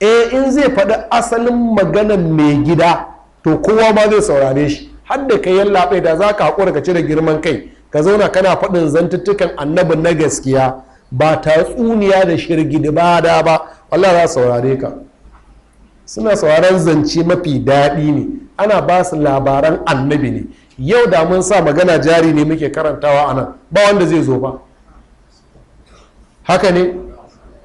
eh in zai faɗi asalin maganan mai gida to kowa ma zai saurare shi har da kai yallaɓe da za ka haƙura ka cire girman kai ka zauna kana faɗin zantuttukan annabin na gaskiya ba tatsuniya da shirgidi ba da ba Allah za saurare ka suna sauraren zance mafi daɗi ne ana ba su labaran annabi ne yau da mun sa magana jari ne muke karantawa a nan ba wanda zai zo ba haka ne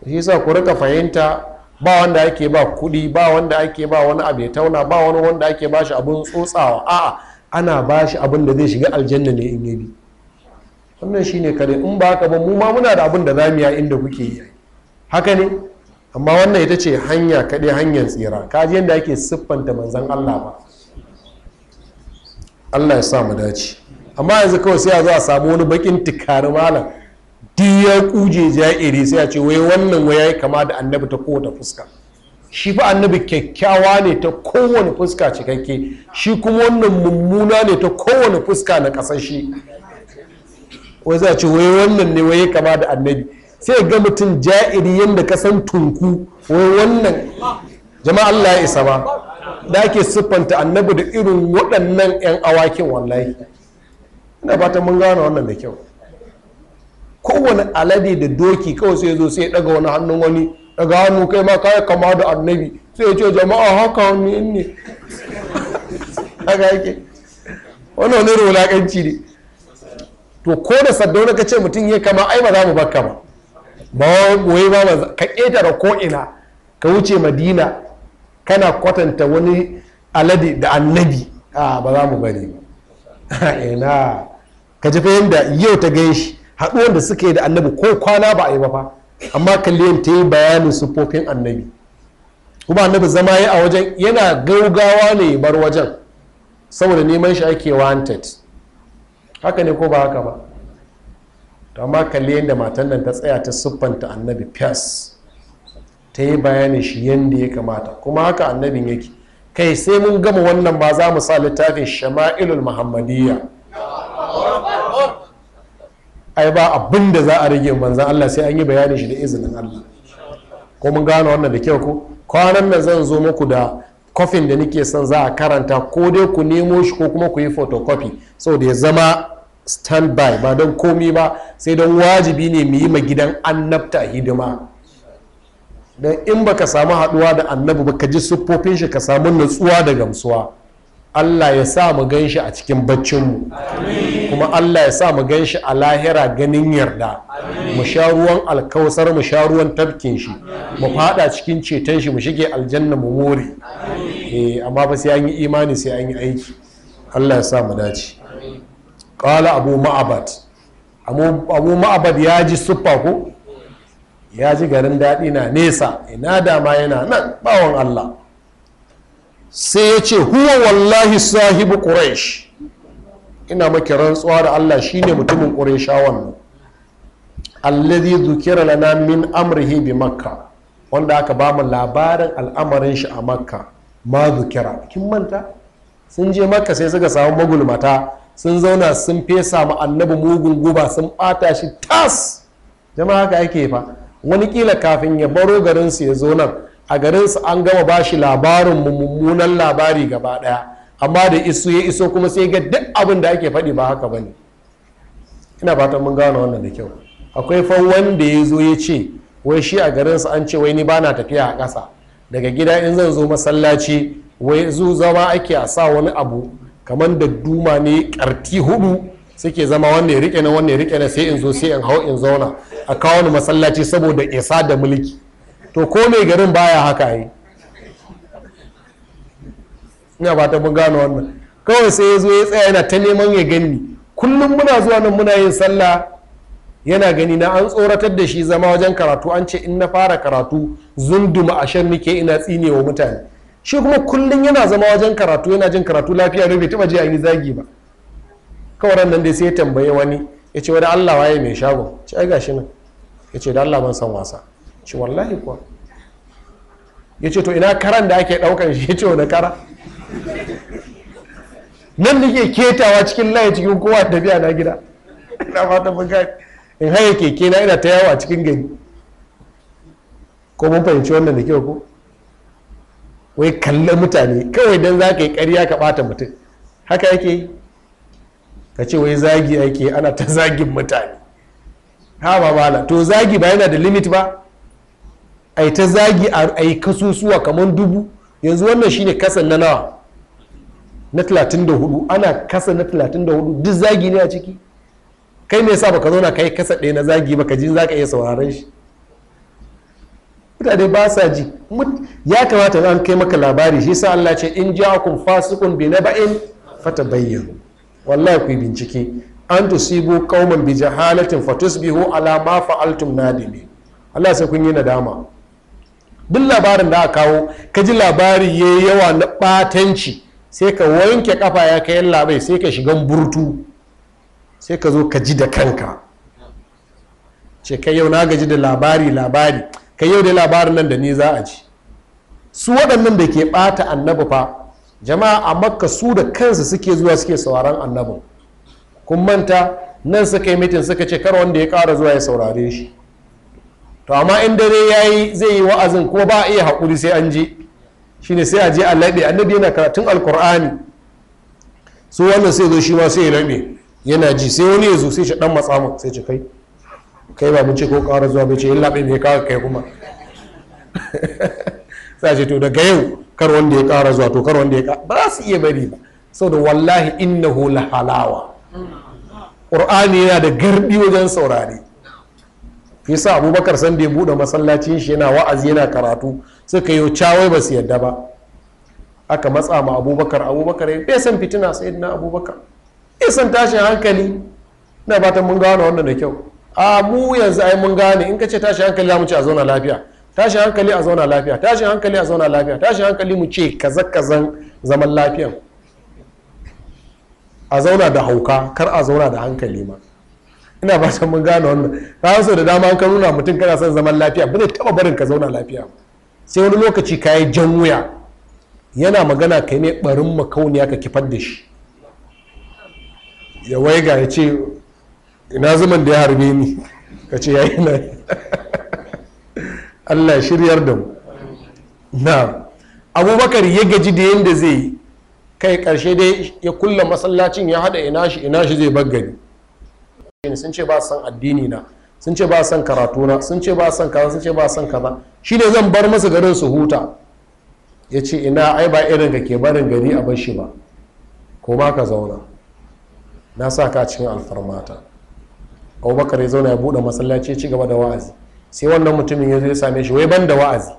shi sa ku rika fahimta ba wanda ake ba kudi ba wanda ake ba wani abu ya tauna ba wani wanda ake ba shi abin tsotsawa a'a ana ba shi abin da zai shiga aljanna ne in yabi wannan shine kare in ba ka ba mu ma muna da abin da za mu yi inda kuke yi haka ne amma wannan ita ce hanya kaɗai hanyar tsira kaji yadda ake siffanta manzan Allah ba Allah ya sa mu dace amma yanzu kawai sai a zo a samu wani bakin tikari malam ti ya kuje jairi sai a ce wai wannan wai yayi kama da annabi ta kowace fuska shi fa annabi kyakkyawa ne ta kowane fuska cikakke shi kuma wannan mummuna ne ta kowane fuska na kasar shi wai za a ce wai wannan ne wai kama da annabi sai ga mutum ja'iri yadda ka san tunku wai wannan jama'a Allah ya isa ba da ake siffanta annabi da irin waɗannan 'yan awakin wallahi ina fatan mun gane wannan da kyau kowane alade da doki kawai sai zo sai daga wani hannun wani daga hannu kai ma kai kama da annabi sai ce jama'a haka ne ne haka yake wannan wani rulakanci ne to ko da saddauna ka ce mutum ya kama ai ba za mu bakka ba ba wai ba ka ƙetare ko ina ka wuce madina kana kwatanta wani alade da annabi a ba za mu bari ba ina ka ji fahimta yau ta gaishe haɗuwan da suke da annabi ko kwana ba a yi ba fa amma kalliyan ta yi bayanin siffofin annabi kuma annabi zama ya a wajen yana gaugawa ne bar wajen saboda neman shi ake wanted haka ne ko ba haka ba to amma kalliyar da matan nan ta tsaya ta siffanta annabi fiyas ta yi bayanin shi yadda ya kamata kuma haka annabin yake kai sai mun gama wannan ba za mu sa littafin shama'ilul muhammadiyya ai ba abin da za a rage manzan Allah sai an yi bayanin shi da izinin Allah ko mun gano wannan da kyau ko kwanan nan zan zo muku da kofin da nake son za a karanta ko dai ku nemo shi ko kuma ku yi photocopy da ya zama standby ba don komi ba sai don wajibi ne mu yi ma gidan annabta hidima don in baka samu haduwa da annabi ba ka ji siffofin shi ka samu natsuwa da gamsuwa Allah ya sa mu gan shi a cikin baccinmu kuma Allah ya sa mu gan shi a lahira ganin yarda mu sha ruwan alkawasar mu sha ruwan tafkin shi mu fada cikin ceton shi mu shige aljanna mu more eh, amma ba sai an yi imani sai an yi aiki Allah ya sa mu dace qala abu ma'abad abu ma'abad ya ji suffa ko ya ji garin daɗi na nesa ina dama yana nan bawan Allah sai ya ce huwa wallahi sahibu quraish ina maki rantsuwa da allah shine mutumin qurayshawan wannan alladhi dhukira lana min amrihi bi makka wanda aka ba mu labarin al'amarin shi a makka ma dhukira kin manta sun je makka sai suka samu magulmata sun zauna sun fesa ma annabi mugun guba sun bata shi tas jama'a haka ake fa wani kila kafin ya baro garin su ya zo nan a garin su an gama ba shi labarin mummunan labari gaba daya amma da iso ya iso kuma sai ga duk abin da ake faɗi ba haka bane ina fatan mun gane wannan da kyau akwai fa wanda ya zo ya ce wai shi a garin su an ce wai ni ba na tafiya a ƙasa daga gida in zan zo masallaci wai zu zama ake a sa wani abu kamar da duma ne ƙarti hudu suke zama wanda ya rike na wanda ya rike na sai in zo sai in hau in zauna a kawo ni masallaci saboda isa da mulki to ko mai garin baya haka yi ina ba ta mun gano wannan kawai sai ya zo ya tsaya yana ta neman ya gani kullum muna zuwa nan muna yin sallah yana gani na an tsoratar da shi zama wajen karatu an ce in na fara karatu zunduma shan nike ina tsinewa mutane shi kuma kullum yana zama wajen karatu yana jin karatu lafiya ne bai taba ji an yi zagi ba kawai nan dai sai ya tambaye wani ya ce wani allah waye mai shagon ci ai gashi nan ya ce da allah ban san wasa ci wallahi kuwa ya ce to ina karan da ake ɗaukan shi ce wani kara nan nake ketawa cikin layi cikin kowa tafiya na gida ina fata mun in haye keke na ina ta yawa cikin gari ko mun fahimci wannan da kyau ko wai kalle mutane kawai dan za ka yi ƙarya ka bata mutum haka yake yi ka ce wai zagi ake ana ta zagin mutane ha ba to zagi ba yana da limit ba ai ta zagi a yi kasusuwa kamar dubu yanzu wannan shine kasan na nawa na 34 ana kasa na 34 duk zagi ne a ciki kai me yasa baka zauna kai kasa ɗaya na zagi ba ka ji za ka iya sauraron shi mutane ba sa ji ya kamata an kai maka labari shi sa Allah ce in ja kun fasikun bi na fata fatabayyanu wallahi ku bincike an tusibu qauman bi jahalatin fatusbihu ala ma fa'altum nadimi Allah sai kun yi nadama duk labarin da aka kawo ka ji labari ya yi yawa na ɓatanci sai ka wanke kafa ya kai labai sai ka shigan burtu sai ka zo ka ji da kanka ce kai yau na gaji da labari labari kai yau da labarin nan da ni za a ji su waɗannan da ke ɓata annabi fa jama'a a makka su da kansu suke zuwa suke sauraron annabin kun manta nan suka yi mitin suka ce kar wanda ya ƙara zuwa ya saurare shi to amma in dare ya yi zai yi wa'azin ko ba a iya haƙuri sai an je Shi ne sai a je a laɓe annabi yana karatun alkur'ani su wannan sai zo shi ma sai ya laɓe yana ji sai wani ya zo sai shi ɗan matsa mu sai ce kai kai ba mun ce ko ƙara zuwa bai ce in laɓe mai kawo kai kuma sai ce to daga yau kar wanda ya ƙara zuwa to kar wanda ya ƙara ba su iya bari ba saboda wallahi innahu la halawa qur'ani yana da garbi wajen saurare fi sa abubakar san da ya bude masallacin shi yana wa'azi yana karatu suka yi cawai ba su yadda ba aka matsa ma abubakar abubakar ya bai san fitina sai na abubakar bai san tashin hankali na ba ta mun gane wannan da kyau a mu yanzu ai mun gane in ka ce tashin hankali za mu ce a zauna lafiya tashin hankali a zauna lafiya tashin hankali a zauna lafiya tashin hankali mu ce kaza kazan zaman lafiyan a zauna da hauka kar a zauna da hankali ma ina ba san mun gane wannan ka so da dama an ka nuna mutum kana son zaman lafiya ba zai taba barin ka zauna lafiya sai wani lokaci ka yi jan wuya yana magana kai mai barin makauniya ka kifar da shi ya waiga ya ce ina zuman da ya harbe ni ka ce yayi na Allah shiryar da mu na abubakar ya gaji da yadda zai kai karshe dai ya kulla masallacin ya hada ina shi ina shi zai gari ni sun ce ba san addini na sun ce ba san karatu na sun ce ba san kaza sun ce ba san kaza shi ne zan bar masa garin su huta ya ce ina ai ba irin ka ke barin gari a bar shi ba ko ma ka zauna na sa ka cikin alfarmata abubakar ya zauna ya buɗe masallaci ya ci gaba da wa'azi sai wannan mutumin ya zo ya same shi wai ban da wa'azi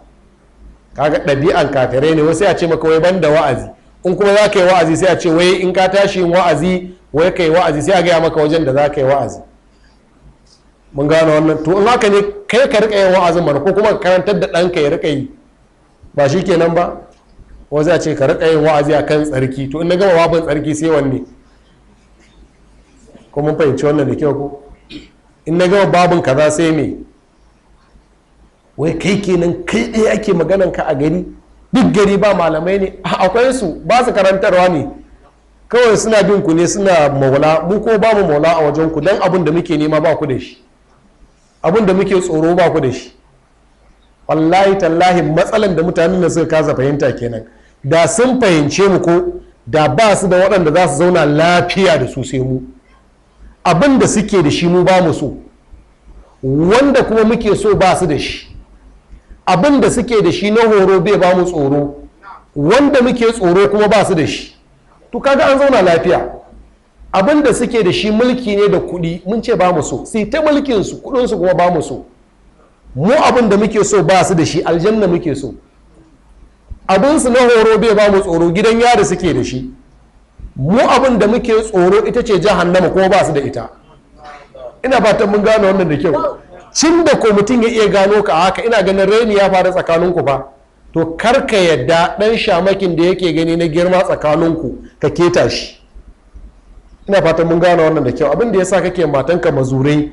kaga ɗabi'an kafirai ne wasu ya ce maka wai ban da wa'azi in kuma za ka yi wa'azi sai a ce wai in ka tashi yin wa'azi wai yi wa'azi sai a gaya maka wajen da za ka yi wa'azi mun gano wannan to in haka ne kai ka rika yin wa'azin mana ko kuma karantar da ɗanka ya rika yi ba shi kenan ba ko a ce ka rika yin wa'azi a kan tsarki to in na gama wafin tsarki sai wanne ko mun fahimci wannan da kyau ko in na gama babin kaza sai me wai kai kenan kai ɗaya ake maganan ka a gari duk gari ba malamai ne akwai su ba su karantarwa ne kawai suna bin ku ne suna maula mu ko ba mu maula a wajen ku dan abin da muke nema ba ku da shi abin da muke tsoro ba ku da shi wallahi tallahi matsalan da mutanen da suka kasa fahimta kenan da sun fahimce mu ko da ba su da waɗanda za su zauna lafiya da su sai mu abin da suke da shi mu ba mu so wanda kuma muke so ba su da shi abin da suke da shi na horo bai ba mu tsoro wanda muke tsoro kuma ba su da shi to kaga an zauna lafiya abin da suke da shi mulki ne da kuɗi mun ce ba mu so sai ta mulkin su kuɗin su kuma ba mu so mu abin da muke so ba su da shi aljanna muke so abin su na horo bai ba mu tsoro gidan yari suke da shi mu abin da muke tsoro ita ce jahannama kuma ba su da ita ina fatan mun gane wannan da kyau cin da ko mutum ya iya gano ka haka ina ganin raini ya faru tsakanin ku fa to karka yadda ɗan shamakin da yake gani na girma tsakaninku ka keta shi ina fatan mun gane wannan da kyau abin da yasa kake matanka mazurai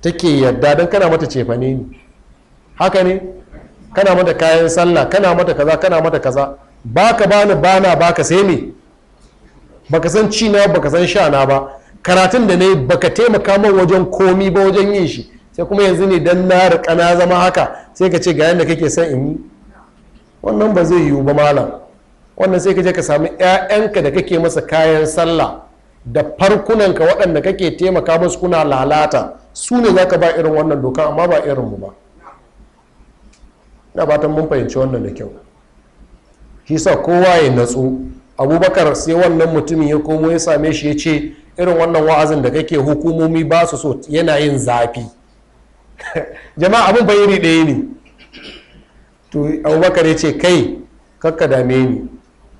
take yadda don kana mata cefane ne haka ne kana mata kayan sallah kana mata kaza kana mata kaza baka bani bana baka sai me baka san ci na baka san sha na ba karatun da nayi baka taimaka min wajen komi ba wajen yin shi sai kuma yanzu ne dan na riƙa na zama haka sai ka ce ga yanda kake son in yi wannan ba zai yiwu ba malam wannan sai ka je ka sami 'ya'yanka da kake masa kayan sallah da farkunanka waɗanda kake taimaka musu kuna lalata su ne za ka ba irin wannan doka amma ba irinmu ba na fatan mun fahimci wannan da kyau shi kowa ya natsu abubakar sai wannan mutumin ya komo ya same shi ya ce irin wannan wa'azin da kake hukumomi ba su so yana yin zafi jama'a abin bai ɗaya ne to abubakar ya ce kai kakka dame ni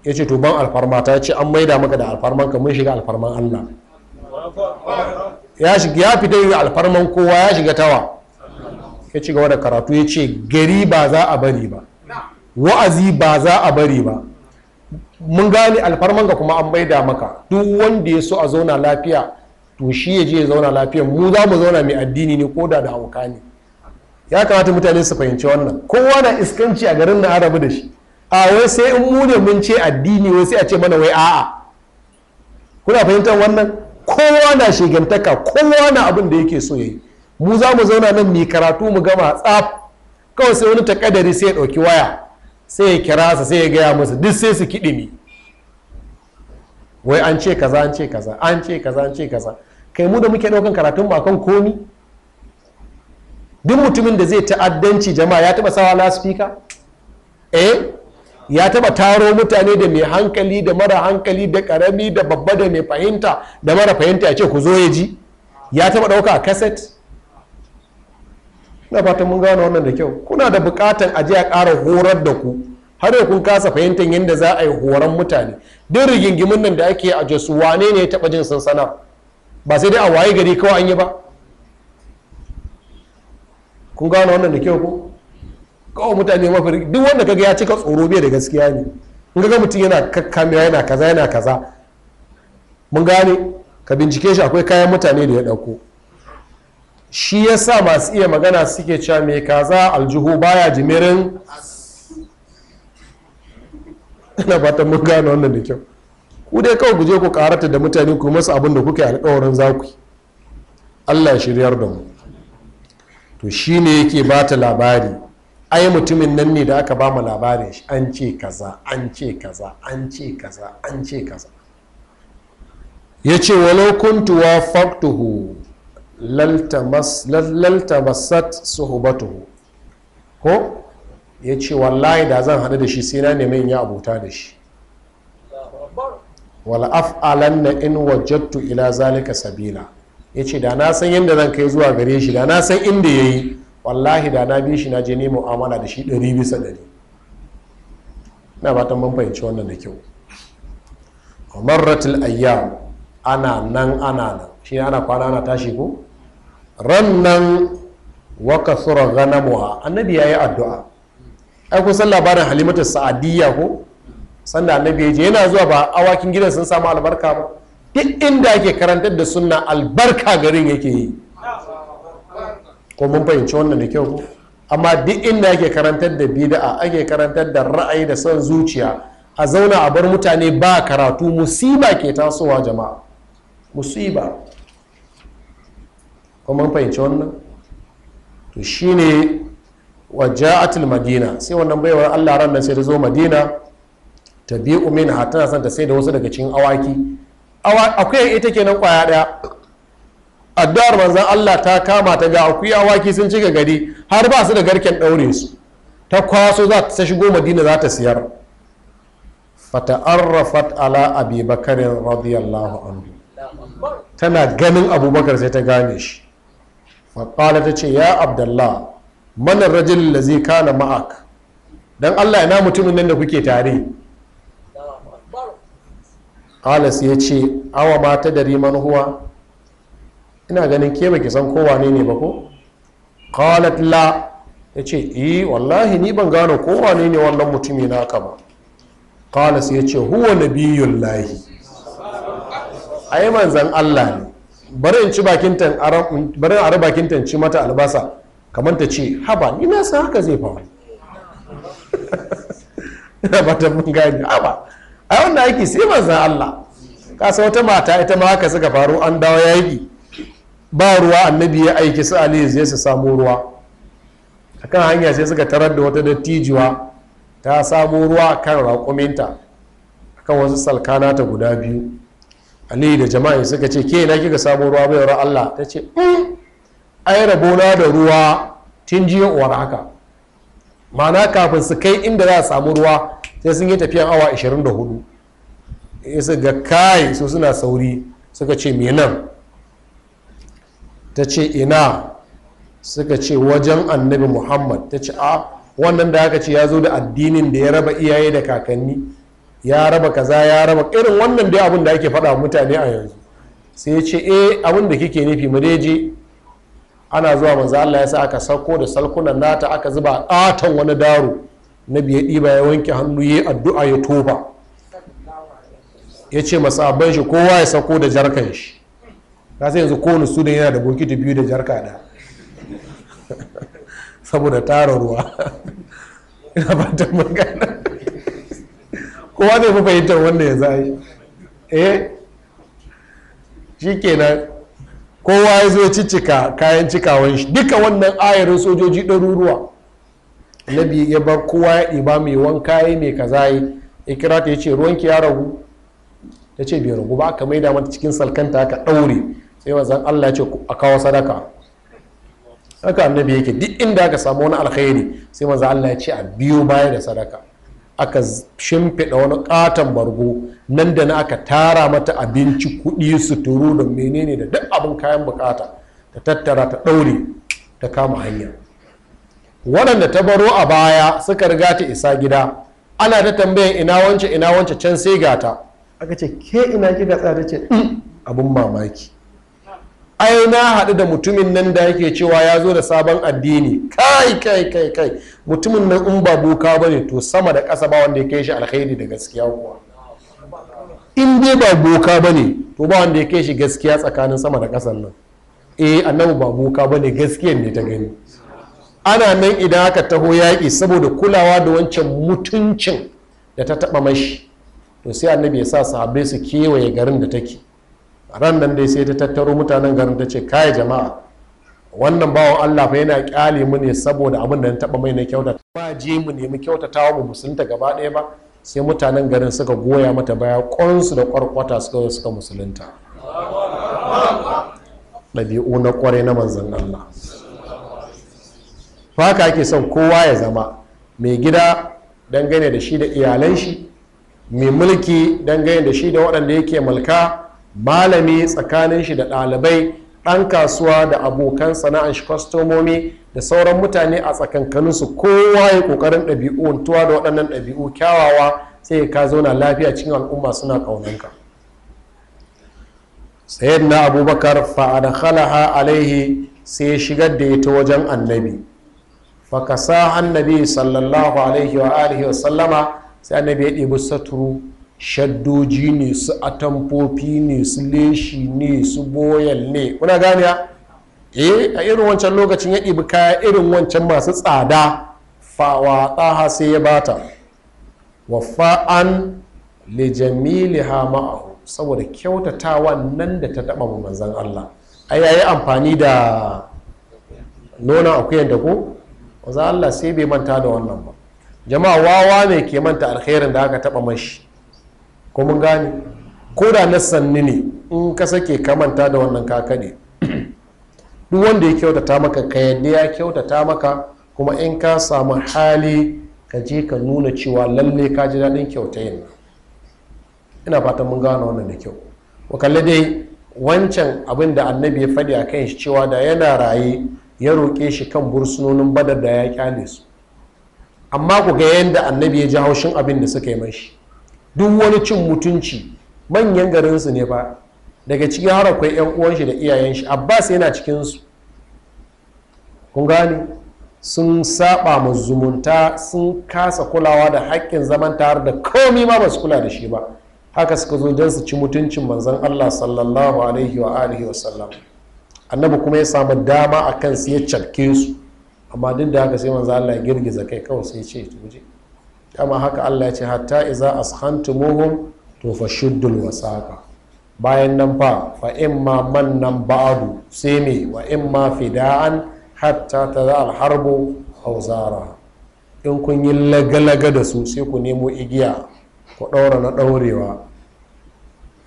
ya ce to ban alfarma ta ce an maida maka da alfarman ka mun shiga alfarman allah ya shiga ya fita yi alfarman kowa ya shiga tawa ya ci gaba da karatu ya ce gari ba za a bari ba wa'azi ba za a bari ba mun gane alfarman ka kuma an maida maka duk wanda ya so a zauna lafiya to shi ya je ya zauna lafiya mu za mu zauna mai addini ne ko da da hauka ne ya kamata mutane su fahimci wannan kowa na iskanci a garin na arabu da shi a wai sai in mu ne mun ce addini wai sai a ce mana wai a'a kuna fahimtar wannan kowa na shigantaka kowa na abin da yake so yayi mu za mu zauna nan mai karatu mu gama tsaf kawai sai wani takadari sai ya ɗauki waya sai ya kira sa sai ya gaya masa duk sai su kiɗimi wai an ce kaza an ce kaza an ce kaza an ce kaza kai mu da muke ɗaukan karatun ba kan komi duk mutumin da zai ta'addanci jama'a ya taba sawa laspika eh ya taba taro mutane da mai hankali da mara hankali da karami da babba da mai fahimta da mara fahimta ya ce ku zo ya ji ya taba dauka a kaset na fatan mun gano wannan da kyau kuna da bukatan aje a ƙara horar da ku har yau kun kasa fahimtar yadda za a yi horon mutane duk rigingimin nan da ake a jos wane ne ya taba jin sansana ba sai dai a waye gari kawai an yi ba kun gano wannan da kyau ko kawai mutane mafi duk wanda kaga ya cika tsoro bai da gaskiya ne in ga mutum yana kakkamewa yana kaza yana kaza mun gane ka bincike shi akwai kayan mutane da ya ɗauko shi ya sa masu iya magana suke cewa mai kaza aljihu baya jimirin ina fatan mun gane wannan da kyau ku dai kawai guje ku karata da mutane ku masu abin da kuke alkawarin zaku Allah yi allah shiryar da mu to shi ne yake ba ta labari ai mutumin nan ne da aka ba mu labarin shi an ce kaza an ce kaza an ce kaza an ce kaza ya ce walau kuntu wa faktuhu laltabassat suhubatuhu ko ya ce wallahi da zan haɗu da shi sai na neman ya abota da shi wala af'alanna in wajattu ila zalika sabila ya ce da na san yadda zan kai zuwa gare shi da na san inda ya yi wallahi da na bi shi na je nemo amana da shi ɗari bisa ɗari na fatan mun fahimci wannan da kyau marratul ayyam ana nan ana nan shi ana kwana ana tashi ko ran rannan wa kasura ghanamuha annabi yayi addu'a ai kusan labarin halimatu sa'adiyya ko sanda annabi ya je yana zuwa ba awakin gidan sun samu albarka ba duk inda ake karantar da sunna albarka garin yake yi ko mun fahimci wannan da kyau amma duk inda ake karantar da bida'a ake karantar da ra'ayi da son zuciya a zauna a bar mutane ba karatu musiba ke tasowa jama'a musiba ko mun fahimci wannan to shine waja'atul madina sai wannan baiwar Allah ran nan sai ta zo madina tabi'u min tana son ta sai da wasu daga cikin awaki akwai ita kenan kwaya daya addu'ar manzan Allah ta kama ta ga akuya awaki sun cika gari har ba su da garken daure su ta kwaso za ta shigo madina za ta siyar fata'arrafat ala abi bakarin radiyallahu anhu tana ganin abubakar sai ta gane shi faƙala ta ce ya abdallah manar rajin da kana ma'ak don allah ina mutumin nan da kuke tare alas ya ce awa ma ta dari man huwa ina ganin ke baki san kowa ne ne ba ko qalat la ya ce eh wallahi ni ban gano kowa ne ne wannan mutumi naka ba qalas ya ce huwa biyun lahi ai manzan Allah ne bari in ci bakin tan bari in tan ci mata albasa kamar ta ce haba ni na haka zai faru ina ba ta mun gani haba a wannan aiki sai manzan Allah kasa wata mata ita ma haka suka faru an dawo yaƙi ba ruwa annabi ya aiki su aliyu zai su samu ruwa akan hanya sai suka tarar da wata dattijuwa ta samu ruwa kan raƙuminta akan wasu salkana ta guda biyu aliyu da jama'a suka ce ke na kika samu ruwa bai Allah ta ce eh, ai rabona da ruwa tun jiya uwar haka ma'ana kafin su kai inda za a samu ruwa sai sun yi tafiyan awa 24 su ga kai su suna sauri suka ce nan ta ce ina suka ce wajen annabi muhammad ta ce a wannan da aka ce ya zo da addinin da ya raba iyaye da kakanni ya raba kaza ya raba irin wannan dai abin da ake faɗa mutane a yanzu sai ya ce e abin da kike nufi mu je ana zuwa manzo Allah ya sa aka sauko da salkunan nata aka zuba ɗatan wani daro nabi ya ɗiba ya wanke hannu ya addu'a ya toba ya ce masaban shi kowa ya sako da jarkan shi ka sai yanzu kowane sunan yana da bokiti biyu da jarka da saboda tara ruwa ina ba ta magana kowa zai fi fahimtar wanda ya zai eh shi kenan kowa ya zo ciccika kayan cikawan shi duka wannan ayarin sojoji ɗaruruwa annabi ya bar kowa ya ɗiba mai wanka ya mai kaza yi ya kira ta ya ce ruwanki ya ragu ta ce bai ragu ba aka maida mata cikin salkanta aka ɗaure sai wanzan allah ya ce a kawo sadaka haka annabi yake duk inda aka samu wani alkhairi sai maza allah ya ce a biyo baya da sadaka aka shimfiɗa wani ƙaton bargo nan da na aka tara mata abinci kuɗi suturu da menene da duk abin kayan bukata ta tattara ta ɗaure ta kama hanya waɗanda ta baro a baya suka riga ta isa gida ana ta tambayan ina wance ina wance can sai gata aka ce ke ina gida tsaya ta ce mm, abin mamaki ai na haɗu da mutumin nan da yake cewa ya zo da sabon addini kai kai kai kai mutumin nan in ba boka bane to sama da ƙasa ba wanda ya kai shi alkhairi da gaskiya kuwa in dai ba boka bane to ba wanda ya kai shi gaskiya tsakanin sama da ƙasan nan eh annabi ba boka bane gaskiyar ne ta gani ana nan idan aka taho yaƙi saboda kulawa da wancan mutuncin da ta taɓa mashi to sai annabi ya sa sahabbai su kewaye garin da take ran nan dai sai ta tattaro mutanen garin ta ce kai jama'a wannan bawan Allah fa yana kyale mu ne saboda abin da na taɓa mai na kyauta ba je mu nemi kyautatawa mu musulunta gaba ɗaya ba sai mutanen garin suka goya mata baya kwansu da kwarkwata suka suka musulunta ɗabi'u na ƙwarai na manzon Allah to haka ake son kowa ya zama mai gida dangane da shi da iyalan shi mai mulki dangane da shi da waɗanda yake mulka malami tsakanin shi da ɗalibai ɗan kasuwa da abokan sana'an shi kwastomomi da sauran mutane a su kowa ya ƙoƙarin ɗabi'u tuwa da waɗannan ɗabi'u kyawawa sai ka zauna lafiya cikin al'umma suna ƙaunanka sayyidina abubakar fa'adakhalaha alaihi sai ya shigar da ita wajen annabi fa ka sa annabi sallallahu alaihi wa alihi wa sallama sai annabi ya ɗebi saturu shaddoji ne su atamfofi ne su leshi ne su boyal ne kuna gane eh a irin wancan lokacin ya ɗibi kaya irin wancan masu tsada fawa ɗaha sai ya bata wafa'an ha ma'ahu saboda kyautatawa nan da ta taɓa manzan Allah ai yayi amfani da nonon akuyan da ko maza Allah sai bai manta da wannan ba jama'a wawa ne ke manta alkhairin da aka taba mashi ko mun gane ko da na sanni ne in ka sake ka manta da wannan kaka ne duk wanda ya kyautata maka ka yadda ya kyautata maka kuma in ka samu hali ka je ka nuna cewa lalle ka ji daɗin kyautayin ina fatan mun gane wannan da kyau wa dai wancan abin da annabi ya faɗi a kan shi cewa da yana raye ya roƙe shi kan bursunonin badar da ya kyale su amma ku ga yadda annabi ya ji haushin abin da suka yi mashi duk wani cin mutunci manyan garinsu ne ba daga ciki har akwai 'yan uwanshi da iyayen shi abbas yana cikinsu kun gane sun saba ma zumunta sun kasa kulawa da haƙƙin zaman tare da komi ma basu kula da shi ba haka suka zo don su ci mutuncin manzon allah sallallahu alaihi wa alihi wa sallam annabi kuma ya samu dama a kan su ya su amma duk da haka sai manzo Allah ya girgiza kai kawai sai ya ce to je kama haka Allah ya ce hatta iza ashantumuhum to fa shuddul wasaqa bayan nan fa fa imma nan ba'du sai me wa imma fida'an hatta za harbu aw zara in kun yi lagalaga da su sai ku nemo igiya ku ɗaura na ɗorewa.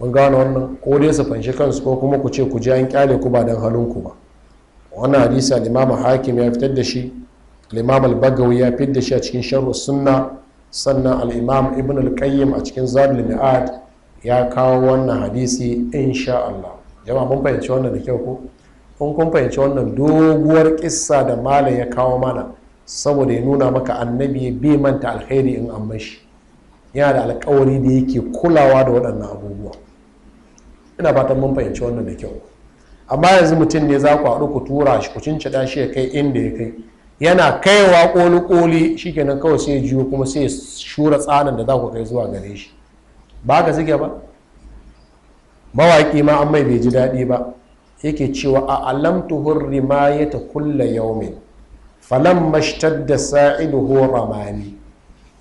mun gano wannan ko dai su fanshi kansu ko kuma ku ce ku ji an kyale ku ba don halinku ba wannan hadisi al hakim ya fitar da shi al-imam al-bagawi ya fitar da shi a cikin sharh sunna sannan al-imam ibn al-qayyim a cikin zadul mi'ad ya kawo wannan hadisi insha Allah jama'a mun fahimci wannan da kyau ko kun kun fahimci wannan doguwar kissa da malam ya kawo mana saboda ya nuna maka annabi bai manta alheri in an mashi yana da alkawari da yake kulawa da waɗannan abubuwa ina fatan mun fahimci wannan da kyau amma yanzu mutum ne za ku haɗu ku tura shi ku cincida shi ya kai inda ya kai yana kaiwa koli koli nan kawai sai jiyo kuma sai shura tsanin da za ku kai zuwa gare shi ba ka suke ba mawaƙi ma an mai bai ji daɗi ba yake cewa a alam hurri ma ya ta kulla yaumin falan mashtar da sa'idu ho ramani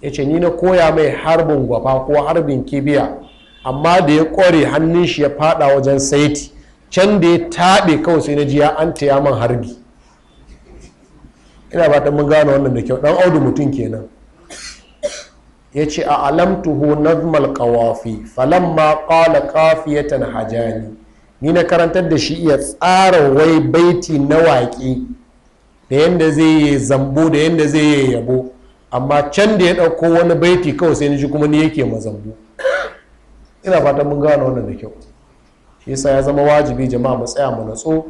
ya ni na koya mai harbin gwafa ko harbin kibiya amma da ya ƙware hannun shi ya fada wajen saiti can da ya taɓe kawai sai na ji ya an taya man harbi ina ba mun gane wannan da kyau dan audu mutum kenan ya ce a alamtuhu nazmal qawafi falamma qala qafiyatan hajani ni na karantar da shi iya tsara wai baiti na waƙi da yadda zai yi zambo da yadda zai yi yabo amma can da ya ɗauko wani baiti kawai sai na ji kuma ni yake ma zambo ina fatan mun gano wannan da kyau shi yasa ya zama wajibi jama'a mu tsaya mu natso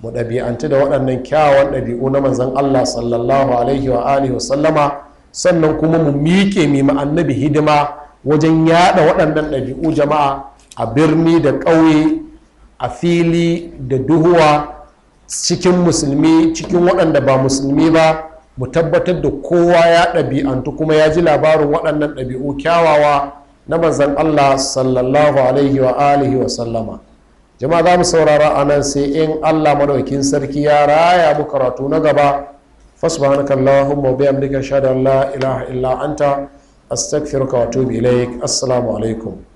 mu ɗabi'antu da waɗannan kyawawan ɗabi'u na manzon Allah sallallahu alaihi wa alihi sallama sannan kuma mu miƙe mi annabi hidima wajen yaɗa waɗannan ɗabi'u jama'a a birni da ƙauye a fili da duhuwa cikin musulmi cikin waɗanda ba musulmi ba mu tabbatar da kowa ya ɗabi'antu kuma ya ji labarin waɗannan ɗabi'u kyawawa na manzan allah sallallahu alaihi wa alihi wa sallama jama'a za mu saurara a nan sai in allah madaukin sarki ya raya mu karatu na gaba fasubhanaka allahumma wa bihamdika shada la ilaha illa anta astaghfiruka wa atubu ilaik assalamu alaikum